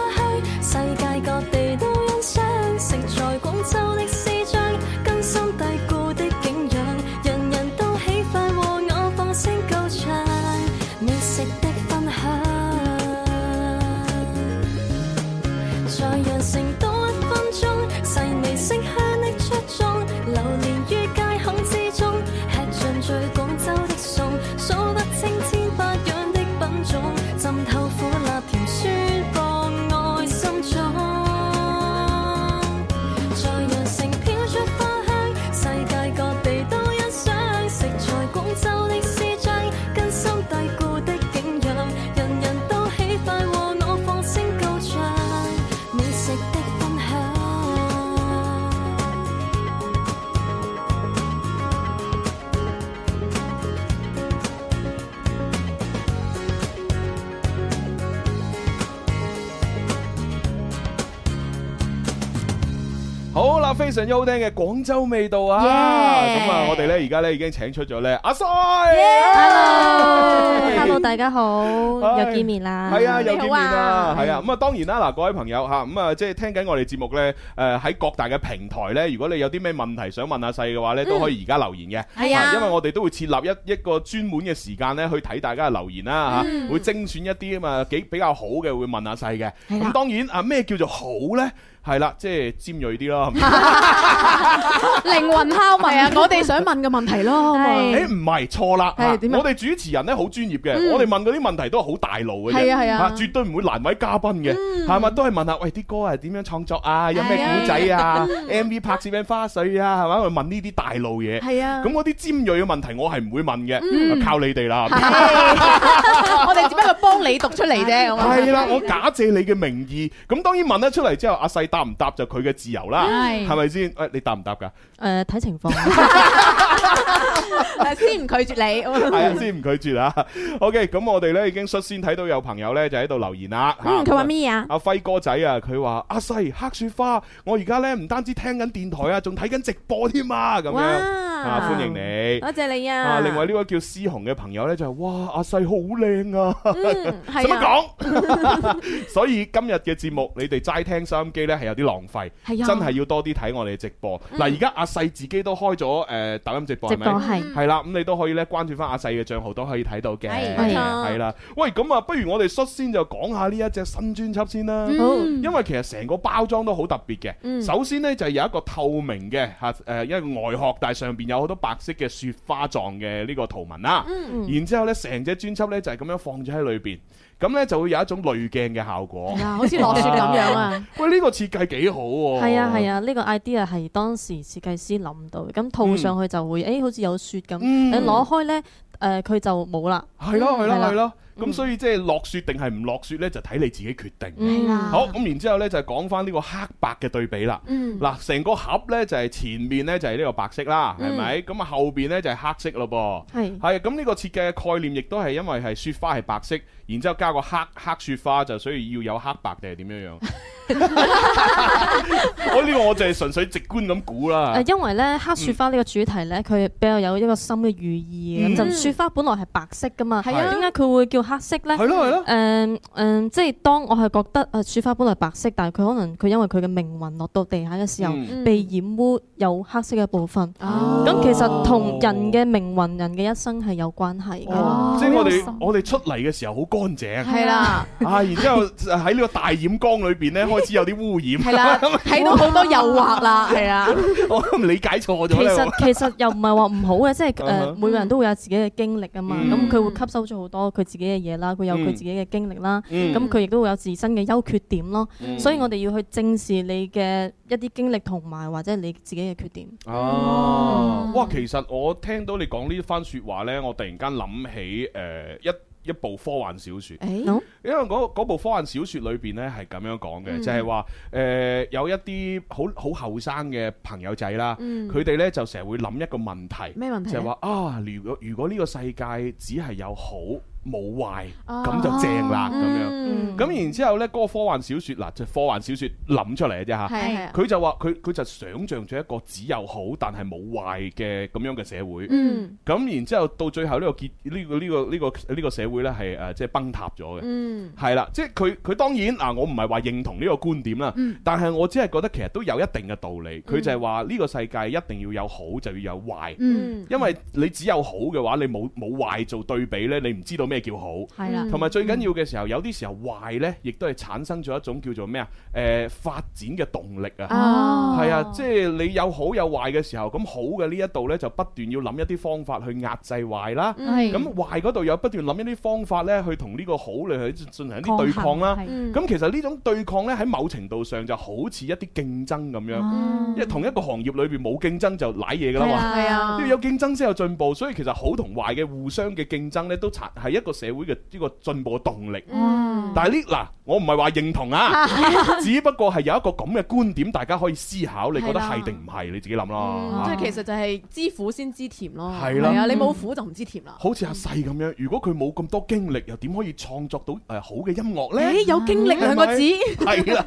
非常優聽嘅廣州味道啊！咁啊 Yeah,、嗯，我哋咧而家咧已經請出咗咧阿細，Hello，Yeah ,嘿大家好，唉又見面啦，係啊，又見面啦，係啊！咁啊、嗯，當然啦，嗱，各位朋友吓，咁、嗯、啊，即係聽緊我哋節目咧，誒，喺各大嘅平台咧，如果你有啲咩問題想問阿細嘅話咧，都可以而家留言嘅，係啊、嗯，因為我哋都會設立一一個專門嘅時間咧，去睇大家嘅留言啦嚇、嗯啊，會精選一啲啊嘛幾比較好嘅會問阿細嘅，咁、嗯、當然啊咩叫做好咧？係啦，即係尖銳啲咯。靈魂拷問啊，我哋想問嘅問題咯。誒，唔係錯啦。係點？我哋主持人咧好專業嘅，我哋問嗰啲問題都係好大路嘅。係啊係啊，絕對唔會難為嘉賓嘅，係咪？都係問下喂啲歌係點樣創作啊？有咩古仔啊？MV 拍攝花絮啊？係咪？去問呢啲大路嘢。係啊。咁嗰啲尖銳嘅問題我係唔會問嘅，就靠你哋啦。我哋只不過幫你讀出嚟啫。係啦，我假借你嘅名義，咁當然問得出嚟之後，阿細。答唔答就佢嘅自由啦，係咪先？喂，你答唔答噶？誒、uh,，睇情況。先唔拒絕你，係先唔拒絕啊。OK，咁我哋咧已經率先睇到有朋友咧就喺度留言啦。嗯、mm,，佢話咩啊？阿輝哥仔啊，佢話阿細黑雪花，我而家咧唔單止聽緊電台啊，仲睇緊直播添啊，咁樣 Wow, 啊，歡迎你，多謝你啊。啊另外呢位叫思雄嘅朋友咧就係哇，阿細好靚啊，係啊、mm。 [LAUGHS] [LAUGHS] [LAUGHS] 所以今日嘅節目，你哋齋聽收音機咧。係有啲浪費，啊、真係要多啲睇我哋直播。嗱、嗯，而家阿細自己都開咗誒抖音直播，係係吧、嗯、啦，咁你都可以咧關注翻阿細嘅賬號，都可以睇到嘅。係的，係的啦。喂，咁啊，不如我哋率先就講下呢一隻新專輯先啦。嗯、因為其實成個包裝都好特別嘅。嗯、首先呢，就係、有一個透明嘅吓，誒、呃、一個外殼，但係上邊有好多白色嘅雪花狀嘅呢個圖文啦、啊。嗯嗯、然之後咧成隻專輯呢，就係、是、咁樣放住喺裏邊。咁咧就會有一種濾鏡嘅效果，啊、好似落雪咁樣啊！ [LAUGHS] 喂，呢、呢個設計幾好喎！係啊係啊，呢、啊啊呢個 idea 係當時設計師諗到，咁套上去就會，誒、嗯欸，好似有雪咁。嗯、你攞開咧，誒、呃，佢就冇啦。係咯係咯係咯。咁所以即係落雪定係唔落雪咧，就睇你自己決定。係啊。好咁，然之後咧就係講翻呢個黑白嘅對比啦。嗯。嗱，成個盒咧就係前面咧就係呢個白色啦，係咪？咁啊後邊咧就係黑色咯噃。係，係咁呢個設計嘅概念，亦都係因為係雪花係白色，然之後加個黑黑雪花就所以要有黑白定係點樣樣？我呢個我就係純粹直觀咁估啦。誒，因為咧黑雪花呢個主題咧，佢比較有一個深嘅寓意嘅，咁就雪花本來係白色噶嘛，係啊，點解佢會叫？黑色咧，係咯係咯，誒誒，即係當我係覺得誒，雪花本來白色，但係佢可能佢因為佢嘅命運落到地下嘅時候，被染污有黑色嘅部分。咁其實同人嘅命運、人嘅一生係有關係嘅。即係我哋我哋出嚟嘅時候好乾淨，係啦，啊，然之後喺呢個大染缸裏邊咧，開始有啲污染。係啦，睇到好多誘惑啦，係啊，我都理解錯咗。其實其實又唔係話唔好嘅，即係誒，每個人都會有自己嘅經歷啊嘛，咁佢會吸收咗好多佢自己。嘅嘢啦，佢有佢自己嘅經歷啦，咁佢亦都會有自身嘅優缺點咯。嗯、所以我哋要去正視你嘅一啲經歷同埋，或者你自己嘅缺點。哦、啊，哇！其實我聽到你講呢番翻説話呢，我突然間諗起誒、呃、一一部科幻小説。好、欸，因為嗰部科幻小説裏邊呢係咁樣講嘅，嗯、就係話誒有一啲好好後生嘅朋友仔啦，佢哋呢就成日會諗一個問題，咩問題？就係話啊，如果如果呢個世界只係有好，冇壞，咁就正啦咁、哦嗯、樣。咁然之後，後呢嗰、那個科幻小説嗱，就是、科幻小説諗出嚟嘅啫吓，佢是的 就話佢佢就想像咗一個只有好但係冇壞嘅咁樣嘅社會。咁、嗯、然之後，後到最後呢個結呢、這個呢、這個呢、這個呢、這個這個社會呢係誒即係崩塌咗嘅。係啦、嗯，即係佢佢當然嗱、啊，我唔係話認同呢個觀點啦。嗯、但係我只係覺得其實都有一定嘅道理。佢、嗯、就係話呢個世界一定要有好就要有壞，因為你只有好嘅話，你冇冇壞做對比呢，你唔知道。咩叫好？係啊、嗯，同埋最緊要嘅時候，有啲時候壞咧，亦都係產生咗一種叫做咩啊？誒、呃、發展嘅動力啊！哦，係啊，即、就、係、是、你有好有壞嘅時候，咁好嘅呢一度咧，就不斷要諗一啲方法去壓制壞啦。係、嗯，咁壞嗰度又不斷諗一啲方法咧，去同呢個好你去進行一啲對抗啦。咁其實呢種對抗咧，喺某程度上就好似一啲競爭咁樣。哦、因為同一個行業裏邊冇競爭就瀨嘢㗎啦嘛。係啊，要、啊啊、 [LAUGHS] 有競爭先有進步，所以其實好同壞嘅互相嘅競爭咧，都係一一個社會嘅呢個進步嘅動力，但係呢嗱，我唔係話認同啊，只不過係有一個咁嘅觀點，大家可以思考，你覺得係定唔係？你自己諗咯。即係其實就係知苦先知甜咯，係啦，你冇苦就唔知甜啦。好似阿細咁樣，如果佢冇咁多經歷，又點可以創作到誒好嘅音樂咧？有經歷兩個字，係啦，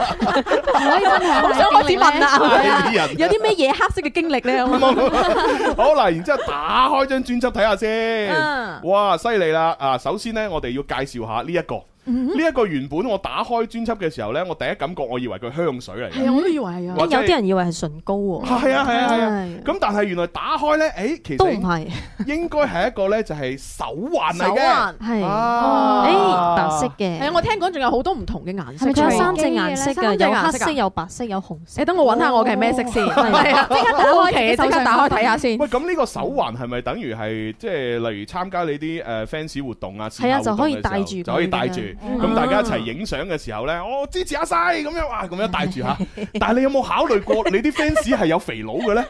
我想開始問啊。有啲咩嘢黑色嘅經歷咧？好啦，然之後打開張專輯睇下先，哇，犀利啦啊！首先咧，我哋要介紹下呢一個。呢一個原本我打開專輯嘅時候咧，我第一感覺我以為佢香水嚟嘅，係我都以為係啊，或者有啲人以為係唇膏喎，係啊係啊，咁但係原來打開咧，誒其實都唔係，應該係一個咧就係手環嚟嘅，手環係誒白色嘅，係啊，我聽講仲有好多唔同嘅顏色，係有三隻顏色嘅，有黑色、有白色、有紅色。誒，等我揾下我嘅咩色先，係啊，即刻打開，即刻打開睇下先。喂，咁呢個手環係咪等於係即係例如參加你啲誒 fans 活動啊，係啊，就可以戴住，就可以戴住。咁大家一齊影相嘅時候咧，我支持阿細咁樣，哇，咁樣戴住吓，但係你有冇考慮過你啲 fans 係有肥佬嘅咧？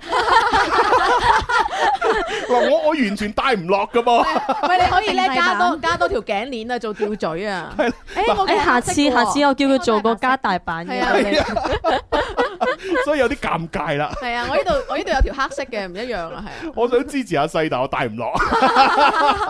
嗱，我我完全戴唔落噶噃。喂，你可以咧加多加多條頸鏈啊，做吊嘴啊。係，誒，我下次下次我叫佢做個加大版。 [LAUGHS] 所以有啲尷尬啦。係啊，我呢度我呢度有條黑色嘅，唔 [LAUGHS] 一樣啊，係啊。我想支持阿細，但我戴唔落。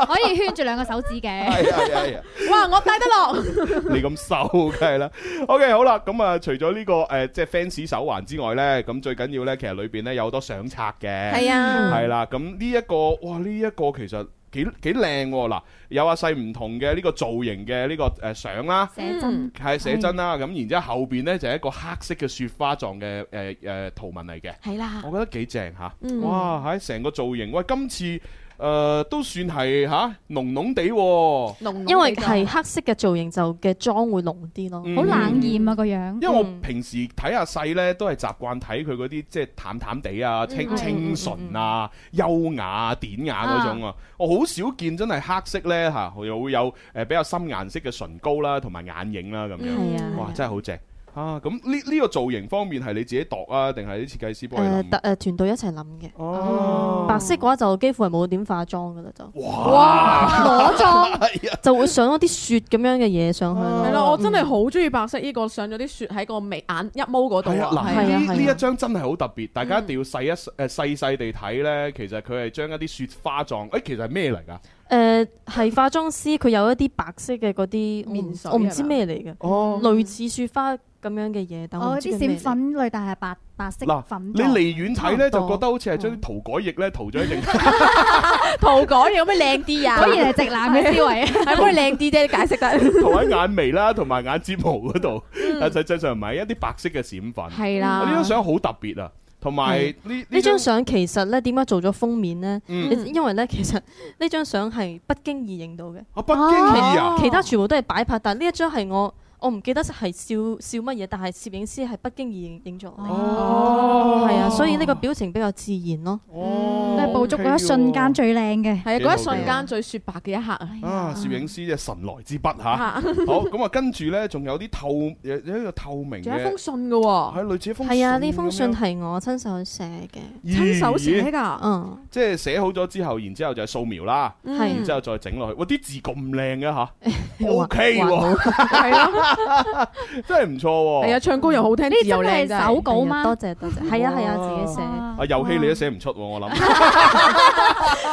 可以圈住兩個手指嘅。係啊係啊。哇，我戴得落。 [LAUGHS] 你咁瘦，梗係啦。OK，好啦，咁、嗯、啊，除咗呢、這個誒、呃，即係 fans 手環之外咧，咁最緊要咧，其實裏邊咧有好多相冊嘅。係是啊,啊。係啦，咁呢一個，哇，呢、這、一個其實。幾幾靚喎！嗱，有阿細唔同嘅呢個造型嘅呢、呢個誒、呃、相啦、啊，係寫真啦，咁然之後後邊呢，就係、一個黑色嘅雪花狀嘅誒誒圖文嚟嘅，係啦的，我覺得幾正嚇、啊，嗯、哇！喺、哎、成個造型，喂，今次～誒、呃、都算係嚇濃濃地喎，濃濃哦、因為係黑色嘅造型就嘅妝會濃啲咯，好、嗯、冷豔啊個樣。嗯、因為我平時睇阿細呢，都係習慣睇佢嗰啲即係淡淡地啊、清、嗯、清純啊、嗯、優雅典雅嗰種啊，啊我好少見真係黑色呢，嚇、啊，又會有誒比較深顏色嘅唇膏啦、啊，同埋眼影啦、啊、咁樣，嗯嗯、哇真係好正！啊，咁呢呢個造型方面係你自己度啊，定係啲設計師幫你？y 誒，誒團隊一齊諗嘅。哦、嗯，白色嘅話就幾乎係冇點化妝嘅啦，就。哇！裸妝就會上咗啲雪咁樣嘅嘢上去。係咯、啊嗯，我真係好中意白色呢個，上咗啲雪喺個眉眼一踎嗰度。係啊、嗯，嗱呢呢一張真係好特別，大家一定要細一誒細,細細地睇咧、嗯哎。其實佢係將一啲雪花狀，誒其實係咩嚟㗎？誒係、呃、化妝師，佢有一啲白色嘅嗰啲面水，我唔知咩嚟嘅，類似雪花咁樣嘅嘢。哦，啲閃粉類，但係白白色粉。你離遠睇咧，就覺得好似係將塗改液咧塗咗一隻、嗯。塗 [LAUGHS] 改液有咩靚啲啊？可，可以係直男嘅思維，係咪靚啲啫？你解釋得。塗 [LAUGHS] 喺眼眉啦，同埋眼睫毛嗰度。實際上係咪一啲白色嘅閃粉？係啦、嗯，呢張相好特別啊！同埋呢張相其實呢點解做咗封面呢？嗯，因為呢其實呢張相係不經意影到嘅。啊，不經意啊！其，其他全部都係擺拍，但呢一張係我。我唔記得係笑笑乜嘢，但係攝影師係不經意影咗你，係啊，所以呢個表情比較自然咯。哦，都係捕捉嗰一瞬間最靚嘅，係啊，嗰一瞬間最雪白嘅一刻啊！攝影師嘅神來之筆吓！好咁啊！跟住咧仲有啲透有一個透明，仲有封信嘅，係類似一封信。係啊，呢封信係我親手寫嘅，親手寫㗎，嗯。即係寫好咗之後，然之後就掃描啦，然之後再整落去。哇，啲字咁靚嘅吓 OK 喎，係啊。真係唔錯喎！係啊，唱歌又好聽，啲，又靚手稿嘛！多謝多謝。係啊係啊，自己寫。啊，遊戲你都寫唔出，我諗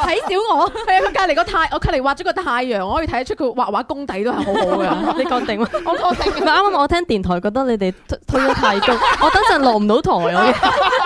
睇小我。係啊，佢隔籬個太，我隔籬畫咗個太陽，我可以睇得出佢畫畫功底都係好好嘅！你確定嗎？我確定。唔，啱啱我聽電台，覺得你哋推咗太高，我等陣落唔到台我。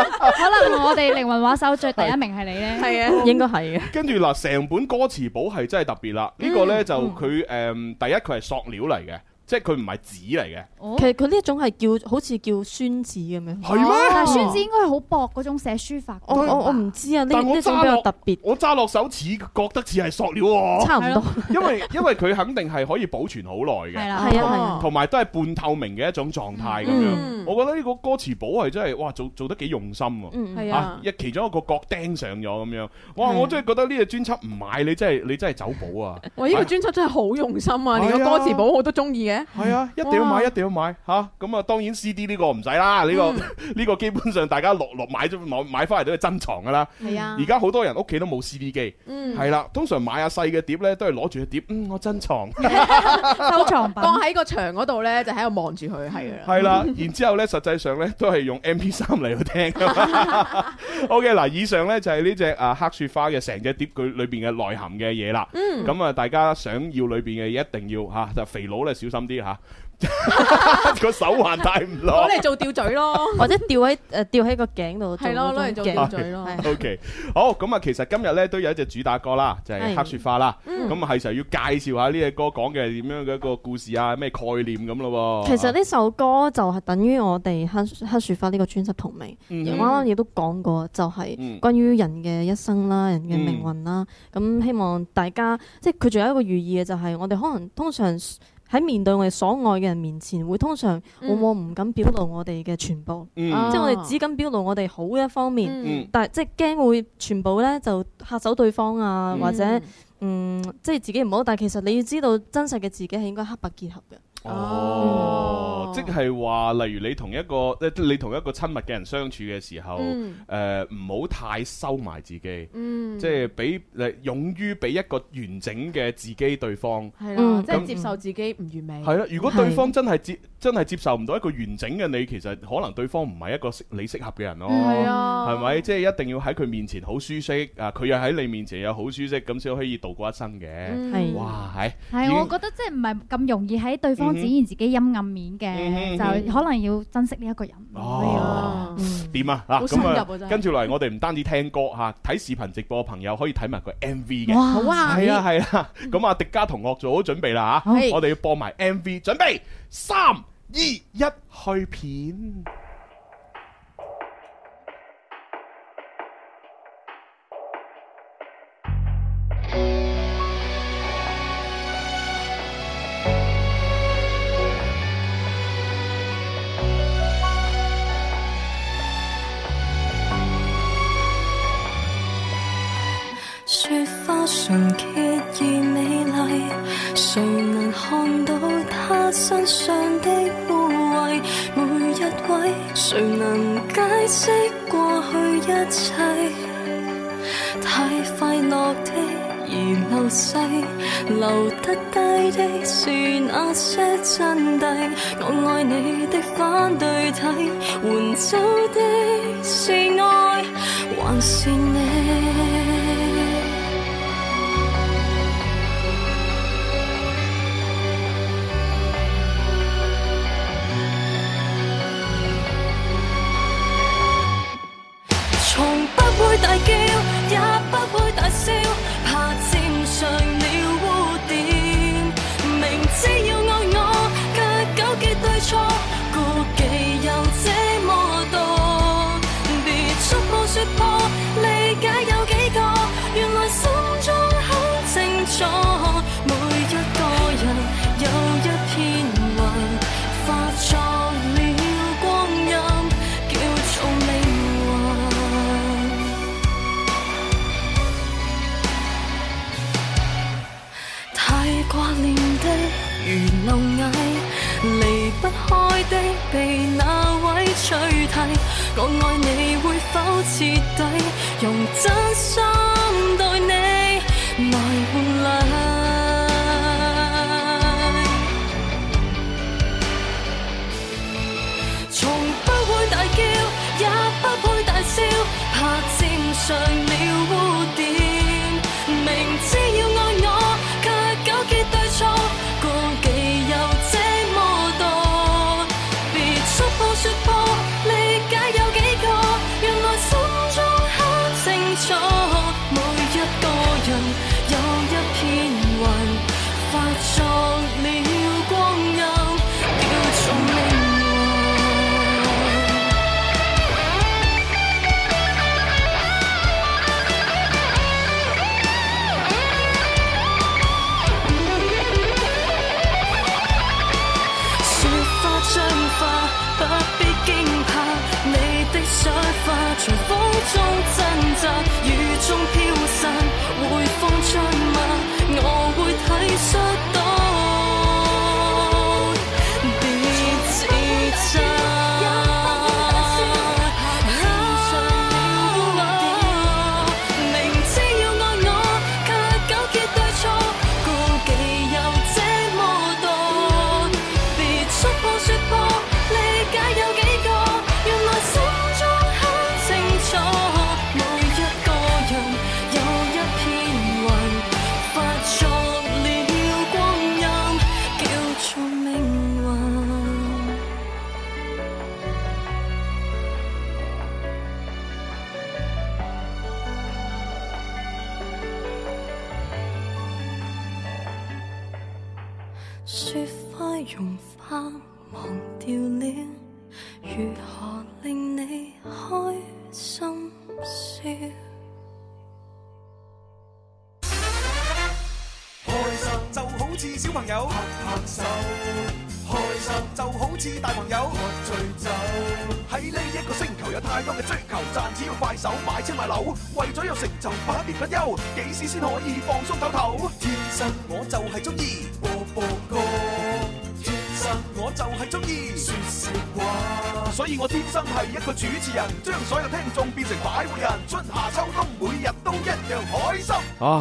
[LAUGHS] 可能我哋靈魂畫手最第一名係你呢？係啊是的、嗯，應該係嘅。跟住嗱，成本歌詞簿係真係特別啦。呢、呢個呢，就佢誒，第一佢係塑料嚟嘅。即係佢唔係紙嚟嘅，其實佢呢一種係叫好似叫宣紙咁樣，係咩？但宣紙應該係好薄嗰種寫書法，我我唔知啊，呢呢種比較特別。我揸落手似覺得似係塑料喎，差唔多。因為因為佢肯定係可以保存好耐嘅，係啊係啊，同埋都係半透明嘅一種狀態咁樣。我覺得呢個歌詞簿係真係哇，做做得幾用心喎，係啊，一其中一個角釘上咗咁樣。哇！我真係覺得呢個專輯唔買你真係你真係走寶啊！我呢個專輯真係好用心啊，連個歌詞簿我都中意嘅。係啊，一定要買，一定要買吓。咁啊，當然 C D 呢個唔使啦，呢個呢個基本上大家落落買咗買買翻嚟都係珍藏噶啦。係啊。而家好多人屋企都冇 C D 機，係啦。通常買阿細嘅碟咧，都係攞住個碟，嗯，我珍藏。收藏品放喺個牆嗰度咧，就喺度望住佢，係啊，係啦，然之後咧，實際上咧都係用 M P 三嚟去聽。O K，嗱，以上咧就係呢隻啊黑雪花嘅成隻碟佢裏邊嘅內涵嘅嘢啦。嗯。咁啊，大家想要裏邊嘅一定要吓，就肥佬咧小心。啲嚇個手環戴唔落，攞嚟做吊嘴咯，或者吊喺誒、呃、吊喺個頸度，係咯，攞嚟做吊嘴咯。O、okay. K，好，咁啊。其實今日咧都有一隻主打歌啦，就係、是《黑雪花》啦。咁啊係時候要介紹下呢隻歌講嘅點樣嘅一個故事啊，咩概念咁、啊、咯。嗯、其實呢首歌就係等於我哋《黑黑雪花》呢個專輯同名。而我啱啱亦都講過，就係關於人嘅一生啦，嗯、人嘅命運啦。咁希望大家即係佢仲有一個寓意嘅，就係我哋可能通常，喺面對我哋所愛嘅人面前，會通常往往唔敢表露我哋嘅全部，嗯、即係我哋只敢表露我哋好嘅一方面，嗯、但係即係驚會全部咧就嚇走對方啊，嗯、或者嗯即係自己唔好。但係其實你要知道真實嘅自己係應該黑白結合嘅。哦，即係話，例如你同一個，即係你同一個親密嘅人相處嘅時候，誒，唔好太收埋自己，即係俾，誒，勇於俾一個完整嘅自己對方，係咯，即係接受自己唔完美。係啦，如果對方真係接，真係接受唔到一個完整嘅你，其實可能對方唔係一個適你適合嘅人咯，係啊，係咪？即係一定要喺佢面前好舒適，啊，佢又喺你面前又好舒適，咁先可以度過一生嘅。係哇，係。係我覺得即係唔係咁容易喺對方，展現自己陰暗面嘅，就可能要珍惜呢一個人。哦，點啊吓？跟住嚟，我哋唔單止聽歌吓，睇視頻直播嘅朋友可以睇埋個 M V 嘅。哇，好啊，係啊，係啊。咁啊，迪加同學做好準備啦吓，我哋要播埋 M V，準備三二一去片。留得低的是那些真諦，我愛你的反對體，換走的是愛，還是你？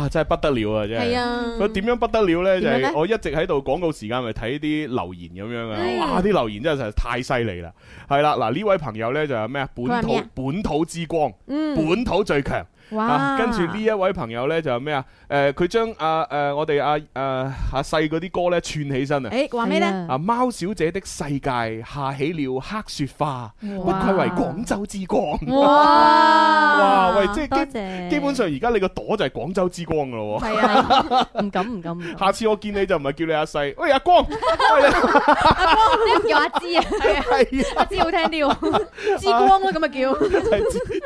真係不得了啊！真係、啊，佢點樣不得了呢？就係、是、我一直喺度廣告時間咪睇啲留言咁樣啊！嗯、哇，啲留言真係實在太犀利啦！係啦，嗱呢位朋友呢就有咩啊？本土本土之光，嗯、本土最強，哇！啊、跟住呢一位朋友呢就有咩啊？誒，佢將阿誒我哋阿誒阿細嗰啲歌咧串起身啊！誒，話咩咧？啊，貓小姐的世界下起了黑雪花，不愧為廣州之光。哇！哇喂，即係基本上而家你個朵就係廣州之光咯。係啊，唔敢唔敢。下次我見你就唔係叫你阿細，喂阿光，阿光，你叫阿芝啊？係阿芝好聽啲喎，之光啦咁啊叫。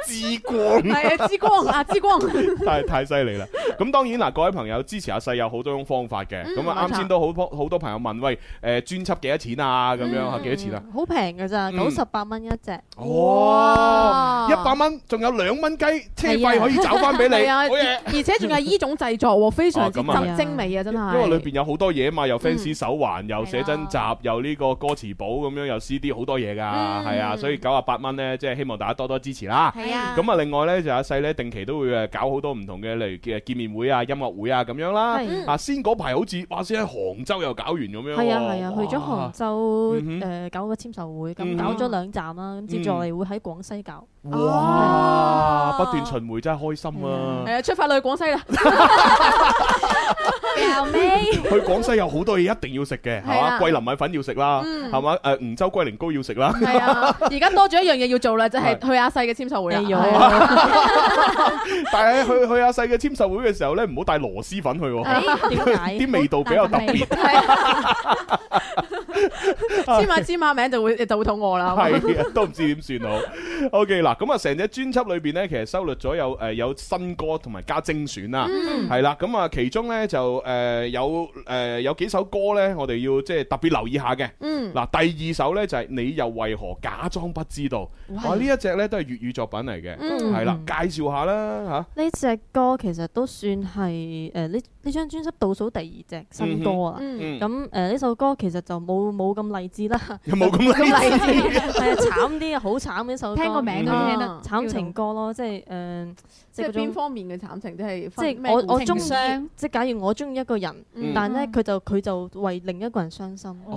之光。係啊，之光啊，之光。太太犀利啦！咁當然。嗱，各位朋友支持阿細有好多種方法嘅，咁啊啱先都好多好多朋友問：喂，誒專輯幾多錢啊？咁樣啊，幾多錢啊？好平嘅咋，九十八蚊一隻哇！一百蚊仲有兩蚊雞，車費可以找翻俾你。係啊，而且仲係依種製作非常之精美啊，真係因為裏邊有好多嘢嘛，有 fans 手環，又寫真集，又呢個歌詞簿咁樣，有 CD 好多嘢㗎，係啊，所以九啊八蚊咧，即係希望大家多多支持啦。係啊。咁啊，另外咧就阿細咧定期都會誒搞好多唔同嘅，例如誒見面會啊。音樂會啊，咁樣啦，啊，先嗰排好似，話，先喺杭州又搞完咁樣，係啊，係啊，去咗杭州誒，搞個簽售會，咁搞咗兩站啦，咁之後嚟會喺廣西搞，哇，不斷巡迴真係開心啊！誒，出發去廣西啦，後尾去廣西有好多嘢一定要食嘅，係嘛，桂林米粉要食啦，係嘛，誒，梧州龜苓膏要食啦，係啊！而家多咗一樣嘢要做啦，就係去阿細嘅簽售會啊，但係去去阿細嘅簽售會嘅時候咧。唔好帶螺螄粉去，啲味道比較特別。芝麻芝麻名就會就會肚餓啦，係的 [LAUGHS] 都唔知點算好。O K 嗱，咁啊成隻專輯裏邊呢，其實收錄咗有誒有新歌同埋加精選啦，係啦、嗯。咁啊其中呢，就誒有誒有幾首歌呢，我哋要即係特別留意下嘅。嗯，嗱第二首呢、就是，就係你又為何假裝不知道，哇呢喂、啊、一隻呢，都係粵語作品嚟嘅，係啦、嗯，介紹下啦吓。呢、啊、隻歌其實都算係誒呢。呃呢張專輯倒數第二隻新歌啊，咁誒呢首歌其實就冇冇咁勵志啦，又冇咁勵志，係啊，慘啲啊，好慘呢首歌，聽個名都聽得，啊、慘情歌咯，即係誒。呃即係邊方面嘅慘情都係，即係我我中意，即係假如我中意一個人，但係咧佢就佢就為另一個人傷心。哦，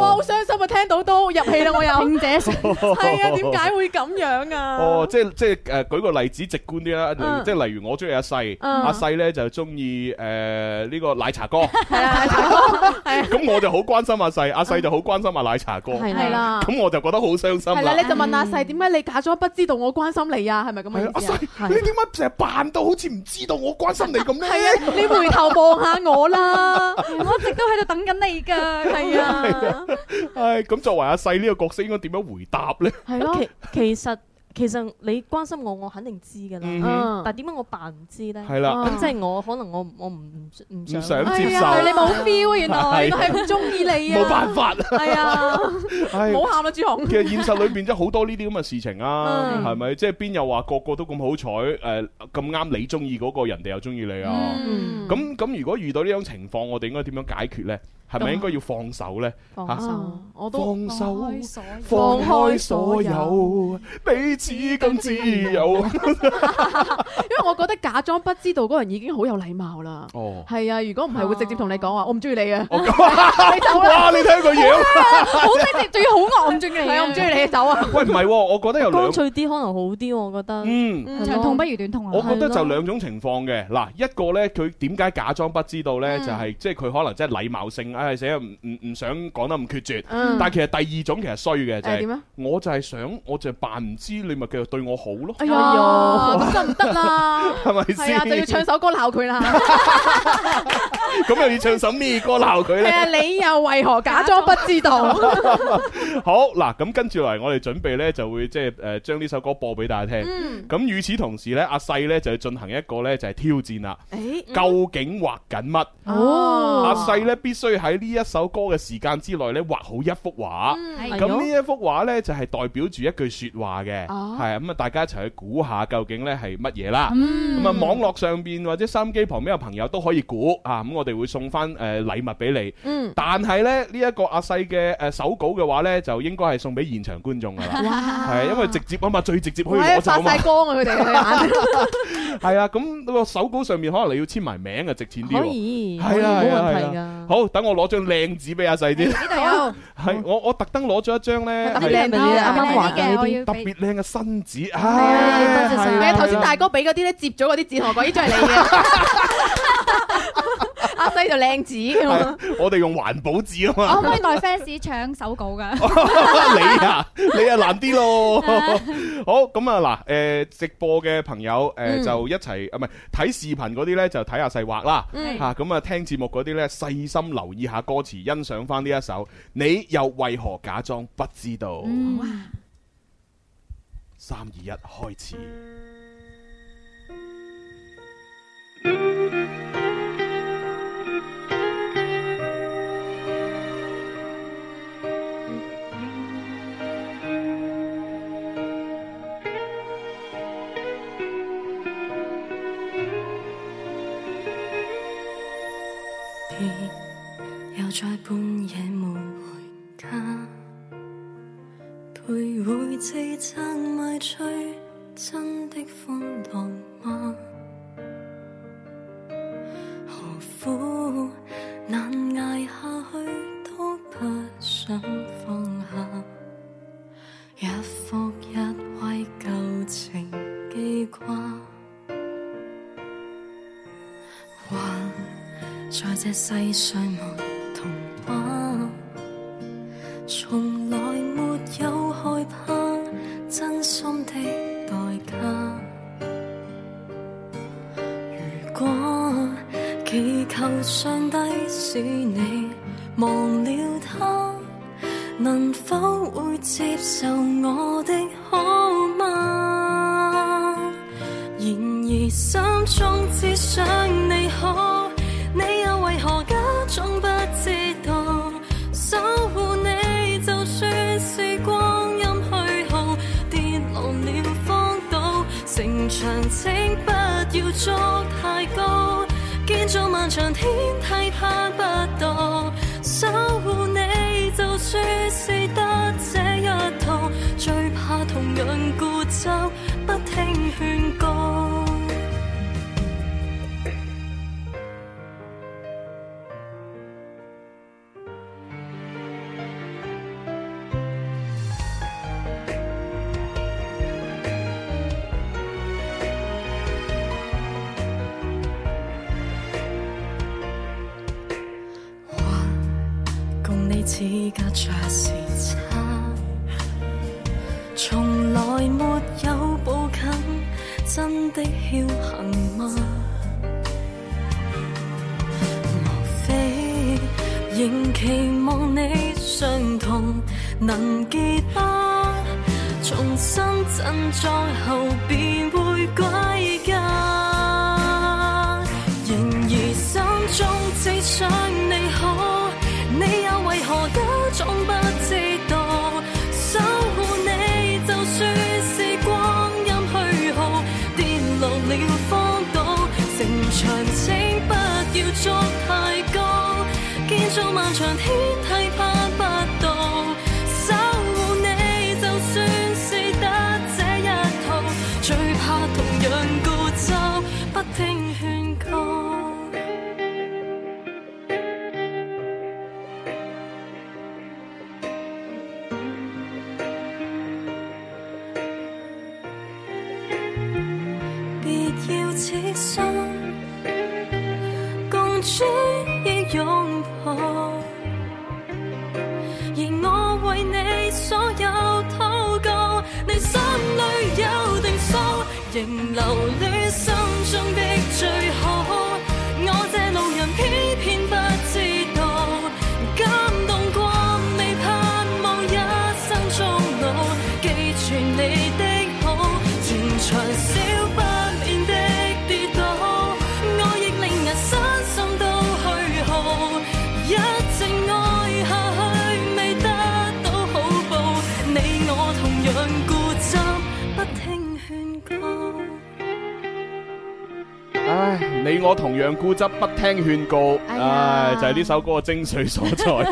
哇好傷心啊！聽到都入戲啦，我又。紅姐，係啊？點解會咁樣啊？哦，即係即係誒，舉個例子直觀啲啦，即係例如我中意阿細，阿細咧就中意誒呢個奶茶哥。係啊，係啊，咁我就好關心阿細，阿細就好關心阿奶茶哥。係啦。咁我就覺得好傷心啦。係啦，你就問阿細點解你假裝不知道我關心你啊？係咪咁樣？啊、你點解成日扮到好似唔知道我關心你咁樣？係啊，你回頭望下我啦， [LAUGHS] 我一直都喺度等緊你噶，係啊，啊。唉，咁作為阿細呢個角色應該點樣回答咧？係咯、啊，其 [LAUGHS] 其實。其實你關心我，我肯定知㗎啦。嗯、哼但點解我扮唔知咧？係啦了，咁即係我可能我我唔唔唔想接受。哎、呀你冇 feel、啊啊、原來你都係唔中意你啊！冇辦法。係啊、哎呀，唔好喊啦，朱紅。其實現實裏邊真係好多呢啲咁嘅事情啊，係咪、嗯？即係邊有話個個都咁、呃、好彩誒咁啱你中意嗰個人哋又中意你啊？咁咁、嗯、如果遇到呢種情況，我哋應該點樣解決咧？係咪應該要放手咧？放手，我都放手，放開所有，彼此更自由。因為我覺得假裝不知道嗰人已經好有禮貌啦。哦，係啊，如果唔係會直接同你講話，我唔中意你啊。你走啊！你睇下個樣，好激烈，仲要好惡唔中意你，唔係我唔中意你，走啊！喂，唔係，我覺得有兩，乾脆啲可能好啲，我覺得。嗯，長痛不如短痛啊！我覺得就兩種情況嘅嗱，一個咧佢點解假裝不知道咧，就係即係佢可能即係禮貌性啊。唉，死啊，唔唔唔想講得咁決絕，嗯、但係其實第二種其實衰嘅就係、點啊，我就係想我就係扮唔知你咪繼續對我好咯。哎呀，好心唔得啦，係咪先？係啊，就要唱首歌鬧佢啦。 [LAUGHS] [LAUGHS] 咁 [LAUGHS] 又要唱首咩歌鬧佢咧？你又為何假裝不知道？ [LAUGHS] [LAUGHS] 好嗱，咁跟住嚟，我哋準備呢，就會即係誒，將、呃、呢首歌播俾大家聽。咁與、嗯、此同時呢，阿細呢就要進行一個呢，就係、是、挑戰啦。欸嗯、究竟畫緊乜？哦，阿細、啊、呢必須喺呢一首歌嘅時間之內呢畫好一幅畫。咁呢、嗯、一幅畫呢，就係、是、代表住一句說話嘅。哦，係咁啊，大家一齊去估下究竟呢係乜嘢啦。咁、嗯、啊網絡上邊或者三機旁邊嘅朋友都可以估啊我哋會送翻誒禮物俾你，但係咧呢一個阿細嘅誒手稿嘅話咧，就應該係送俾現場觀眾㗎啦，係因為直接啊嘛，最直接可以攞走啊嘛。發曬光啊佢哋，係啊，咁個手稿上面可能你要簽埋名啊，值錢啲喎。係啊，冇問題啊。好，等我攞張靚紙俾阿細先。呢度有。係我我特登攞咗一張咧，特別靚啊，啱啱話靚，特別靚嘅新紙。多謝曬。咩啊？頭先大哥俾嗰啲咧，接咗嗰啲紙，我講呢張係你嘅。阿細、啊、就靚紙，我哋用環保紙啊嘛。我可唔可以代 fans 唱手稿噶？你啊，你啊難啲咯。好咁啊，嗱、嗯，誒、 [LAUGHS] 嗯，直播嘅朋友，誒、嗯，就一齊啊，唔係睇視頻嗰啲咧，就睇下細畫啦。吓咁啊，聽節目嗰啲咧，細心留意下歌詞，欣賞翻呢一首。你又為何假裝不知道？三二一， [LAUGHS] 3, 2, 1, 開始。在半夜沒回家，徘徊自責，買醉真的歡樂嗎？何苦難捱下去都不想放下，一復一回舊情記掛，或在這細碎夢。從來沒有害怕真心的代價。如果祈求上帝使你忘了他，能否會接受我的好嗎？然而心中只想你好。太高，建築萬丈天梯攀不到，守護你就算。你我同樣固執，不聽勸告，唉，就係呢首歌嘅精髓所在。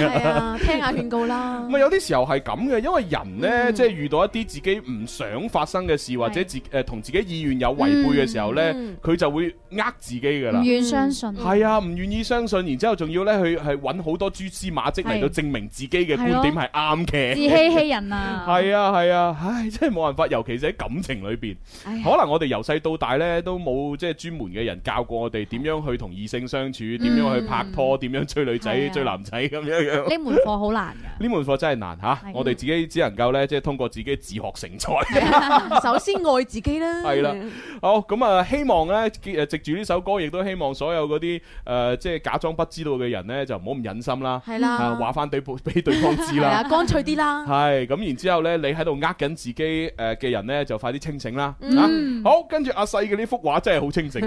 聽下勸告啦。咁啊，有啲時候係咁嘅，因為人呢，即係遇到一啲自己唔想發生嘅事，或者自誒同自己意願有違背嘅時候呢，佢就會呃自己㗎啦。唔願相信。係啊，唔願意相信，然之後仲要呢，去係揾好多蛛絲馬跡嚟到證明自己嘅觀點係啱嘅。自欺欺人啊！係啊，係啊，唉，即係冇辦法，尤其是喺感情裏邊，可能我哋由細到大呢，都冇即係專門嘅人教過。我哋點樣去同異性相處？點樣去拍拖？點樣追女仔、追男仔咁樣樣？呢門課好難，呢門課真係難吓。我哋自己只能夠呢，即係通過自己自學成才。首先愛自己啦。係啦，好，咁啊！希望呢，誒，藉住呢首歌，亦都希望所有嗰啲誒，即係假裝不知道嘅人呢，就唔好咁忍心啦。係啦，話翻對，俾對方知啦，乾脆啲啦。係咁，然之後呢，你喺度呃緊自己誒嘅人呢，就快啲清醒啦。啊，好，跟住阿細嘅呢幅畫真係好清醒。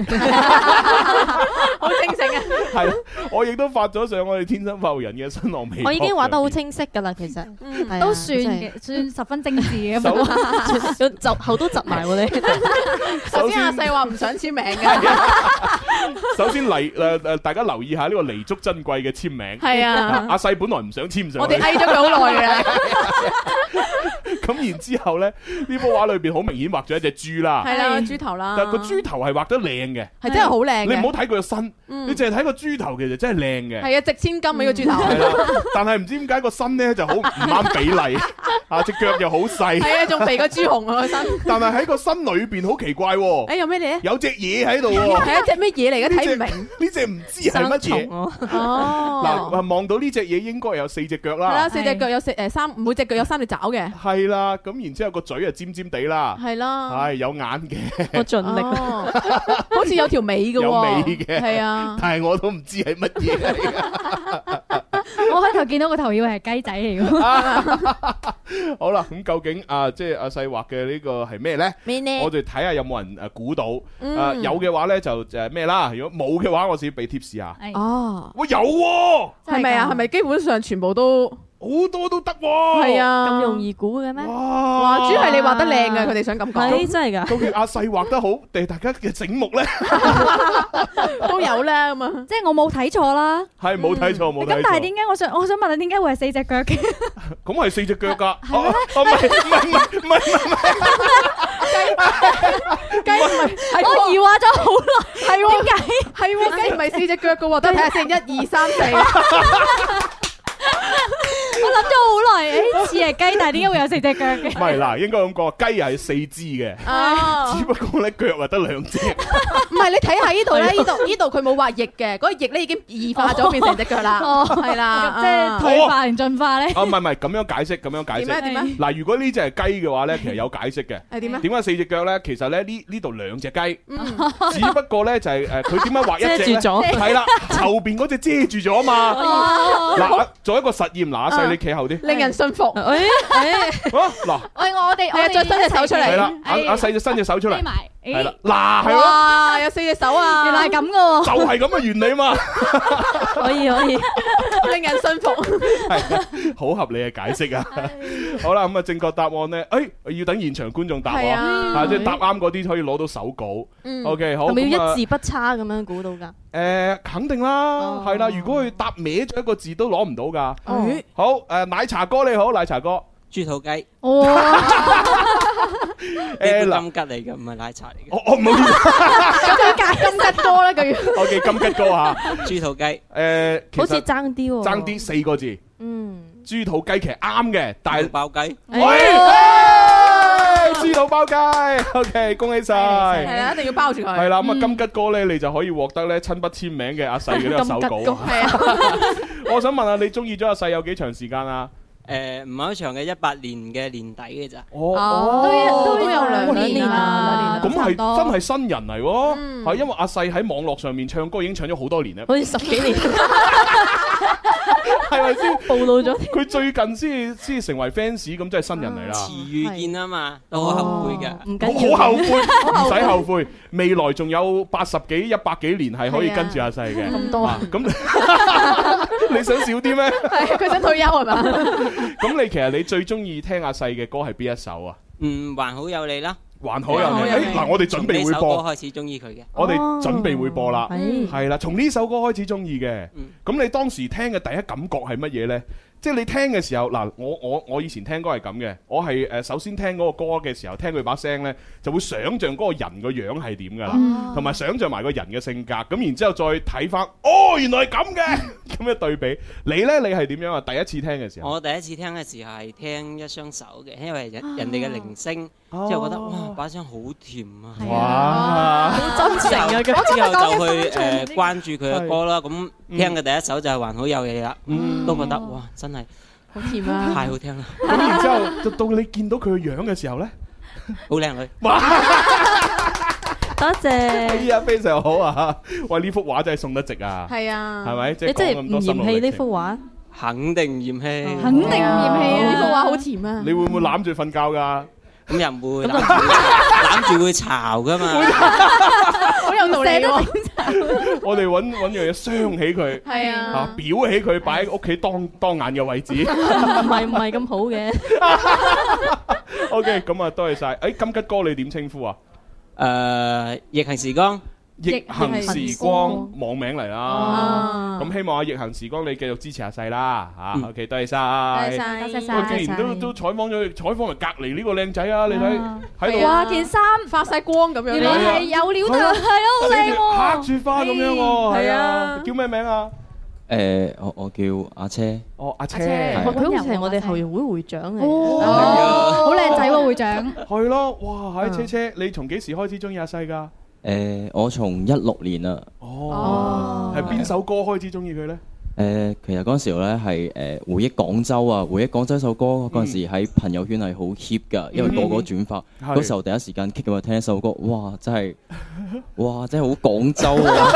好清醒啊！係，我亦都發咗上我哋天生發福人嘅新浪微博。我已經畫得好清晰噶啦，其實，都算算十分精緻嘅，集好都窒埋我哋。首先阿細話唔想簽名嘅。首先嚟，誒誒，大家留意下呢個彌足珍貴嘅簽名。係啊，阿細本來唔想簽上。我哋嗌咗佢好耐嘅。咁然之後咧，呢幅畫裏邊好明顯畫咗一隻豬啦，係啦，豬頭啦。但個豬頭係畫得靚嘅，係真係好。你唔好睇佢個身，你淨係睇個豬頭其實真係靚嘅。係啊，值千金呢個豬頭。但係唔知點解個身咧就好唔啱比例，啊隻腳又好細。係啊，仲肥過豬紅個身。但係喺個身裏邊好奇怪喎。誒，有咩咧？有隻嘢喺度。係一隻咩嘢嚟嘅？睇唔明。呢隻唔知係乜嘢。哦。嗱，望到呢隻嘢應該有四隻腳啦。係啦，四隻腳有四誒三，每隻腳有三隻爪嘅。係啦，咁然之後個嘴啊尖尖地啦。係啦。係有眼嘅。我盡力。好似有條尾。有尾嘅，啊、但係我都唔知係乜嘢嚟。我開頭見到個頭以為係雞仔嚟。 [LAUGHS] [LAUGHS] [LAUGHS] 好啦，咁究竟啊，即係阿細畫嘅呢個係咩咧？我哋睇下有冇人誒估到，誒有嘅話咧就誒咩啦。如果冇嘅話，我先俾 tips 啊。哦、嗯，我有喎，係咪啊？係咪基本上全部都？好多都得喎，係啊，咁容易估嘅咩？哇，主要係你畫得靚嘅，佢哋想咁講，係真係噶，究竟阿細畫得好，定係大家嘅醒目咧，都有咧咁啊！即係我冇睇錯啦，係冇睇錯冇。咁但係點解我想我想問你點解會係四隻腳嘅？咁係四隻腳噶，唔係唔係唔係唔係唔係，雞唔係，我疑惑咗好耐，係喎，點解？係喎，雞唔係四隻腳噶，都睇下先，一二三四。我諗咗好耐，誒似係雞，但係點解會有四隻腳嘅？唔係嗱，應該咁講，雞又係四肢嘅，只不過咧腳又得兩隻。唔係，你睇下呢度咧，呢度呢度佢冇畫翼嘅，嗰個翼咧已經異化咗變成隻腳啦。哦，係啦，即係退化定進化咧？哦，唔係唔係，咁樣解釋，咁樣解釋。嗱，如果呢隻係雞嘅話咧，其實有解釋嘅。係點啊？點解四隻腳咧？其實咧呢呢度兩隻雞，只不過咧就係誒，佢點解畫一隻？遮住咗。係啦，後邊嗰隻遮住咗嘛？哦。嗱，做一個實驗嗱，你企後啲，令人信服。好嗱，我我哋我哋再伸隻手出嚟，阿阿細只伸隻手出嚟，係啦。嗱，係咯，有四隻手啊，原嚟係咁噶，就係咁嘅原理嘛。可以可以，令人信服，係好合理嘅解釋啊。好啦，咁啊正確答案咧，哎，要等現場觀眾答啊，即係答啱嗰啲可以攞到手稿。OK，好，咁要一字不差咁樣估到噶。誒，肯定啦，係啦，如果佢答歪咗一個字都攞唔到噶。好，誒，奶茶哥你好，奶茶哥，豬肚雞。哇，誒，金吉嚟嘅，唔係奶茶嚟嘅。我我唔好意思。咁佢夾金吉多啦，佢。O K，金吉多啊，豬肚雞。誒，其實好似爭啲，爭啲四個字。嗯。豬肚雞其實啱嘅，但係爆雞。喂！知道包街，OK，恭喜晒！係啦，一定要包住佢。係啦，咁、嗯、啊金吉哥咧，你就可以獲得咧親筆簽名嘅阿細嘅呢啲手稿。係啊、嗯， [LAUGHS] [LAUGHS] 我想問下你中意咗阿細有幾長時間啊？誒唔係好長嘅，一八年嘅年底嘅咋？哦，都、哦哦、都有兩年啦，兩年咁係真係新人嚟、啊、喎，係、嗯、因為阿細喺網絡上面唱歌已經唱咗好多年啦，好似十幾年。 [LAUGHS] 係咪先暴露咗？佢最近先先成為 fans 咁，真係新人嚟啦。遲遇見啊嘛，我好是後悔嘅，唔緊、哦、好後悔，唔使 [LAUGHS] 後悔。 [LAUGHS] 未來仲有八十幾、一百幾年係可以跟住阿細嘅。咁多啊？咁、嗯、 [LAUGHS] [LAUGHS] 你想少啲咩？係佢 [LAUGHS] 想退休係嘛？咁 [LAUGHS] [LAUGHS] 你其實你最中意聽阿細嘅歌係邊一首啊？嗯，還好有你啦。還好啊！哎，嗱，我哋準備會播。開始中意佢嘅，我哋準備會播啦。係啦，從呢首歌開始中意嘅。咁你當時聽嘅第一感覺係乜嘢呢？即係你聽嘅時候，嗱，我我我以前聽歌係咁嘅，我係誒首先聽嗰個歌嘅時候，聽佢把聲呢，就會想像嗰個人個樣係點㗎啦，同埋想像埋個人嘅性格。咁然之後再睇翻，哦，原來係咁嘅，咁嘅對比。你呢，你係點樣啊？第一次聽嘅時候，我第一次聽嘅時候係聽一雙手嘅，因為人哋嘅鈴聲。之後覺得哇把聲好甜啊，哇，好真誠啊！之後就去誒關注佢嘅歌啦。咁聽嘅第一首就係還好有嘢啦，嗯，都覺得哇真係好甜啊，太好聽啦！咁然之後到到你見到佢嘅樣嘅時候咧，好靚女，哇，多謝，哎呀非常好啊！喂呢幅畫真係送得值啊，係啊，係咪？你真係唔嫌棄呢幅畫？肯定唔嫌棄，肯定唔嫌棄，呢幅畫好甜啊！你會唔會攬住瞓覺噶？咁又唔會攬住會 [LAUGHS] 巢噶嘛？好有 [LAUGHS] [LAUGHS] 道理，我哋揾揾樣嘢傷起佢，係啊，表起佢，擺喺屋企當當眼嘅位置，唔係唔係咁好嘅。 [LAUGHS] [LAUGHS] OK，咁啊，多謝晒。誒，金吉哥你點稱呼啊？誒、呃，逆行時光。逆行時光網名嚟啦，咁希望啊，逆行時光你繼續支持阿細啦，吓 OK，多謝晒，多謝晒。佢竟然都都採訪咗，採訪埋隔籬呢個靚仔啊，你睇喺度，哇，件衫發晒光咁樣，原來係有料㗎，係咯，好靚，白雪花咁樣，係啊，叫咩名啊？我我叫阿車，哦，阿車，佢好似係我哋後援會會長嚟，哦，好靚仔喎，會長，係咯，哇，係車車，你從幾時開始中意阿細㗎？誒、呃，我從一六年啊，哦，係邊首歌開始中意佢咧？誒、呃，其實嗰陣時咧係誒回憶廣州啊，回憶廣州首歌嗰陣、嗯、時喺朋友圈係好 heat 噶因為個個轉發，嗰、嗯嗯、時候第一時間 kick 我聽一首歌，哇，真係，哇，真係好廣州啊，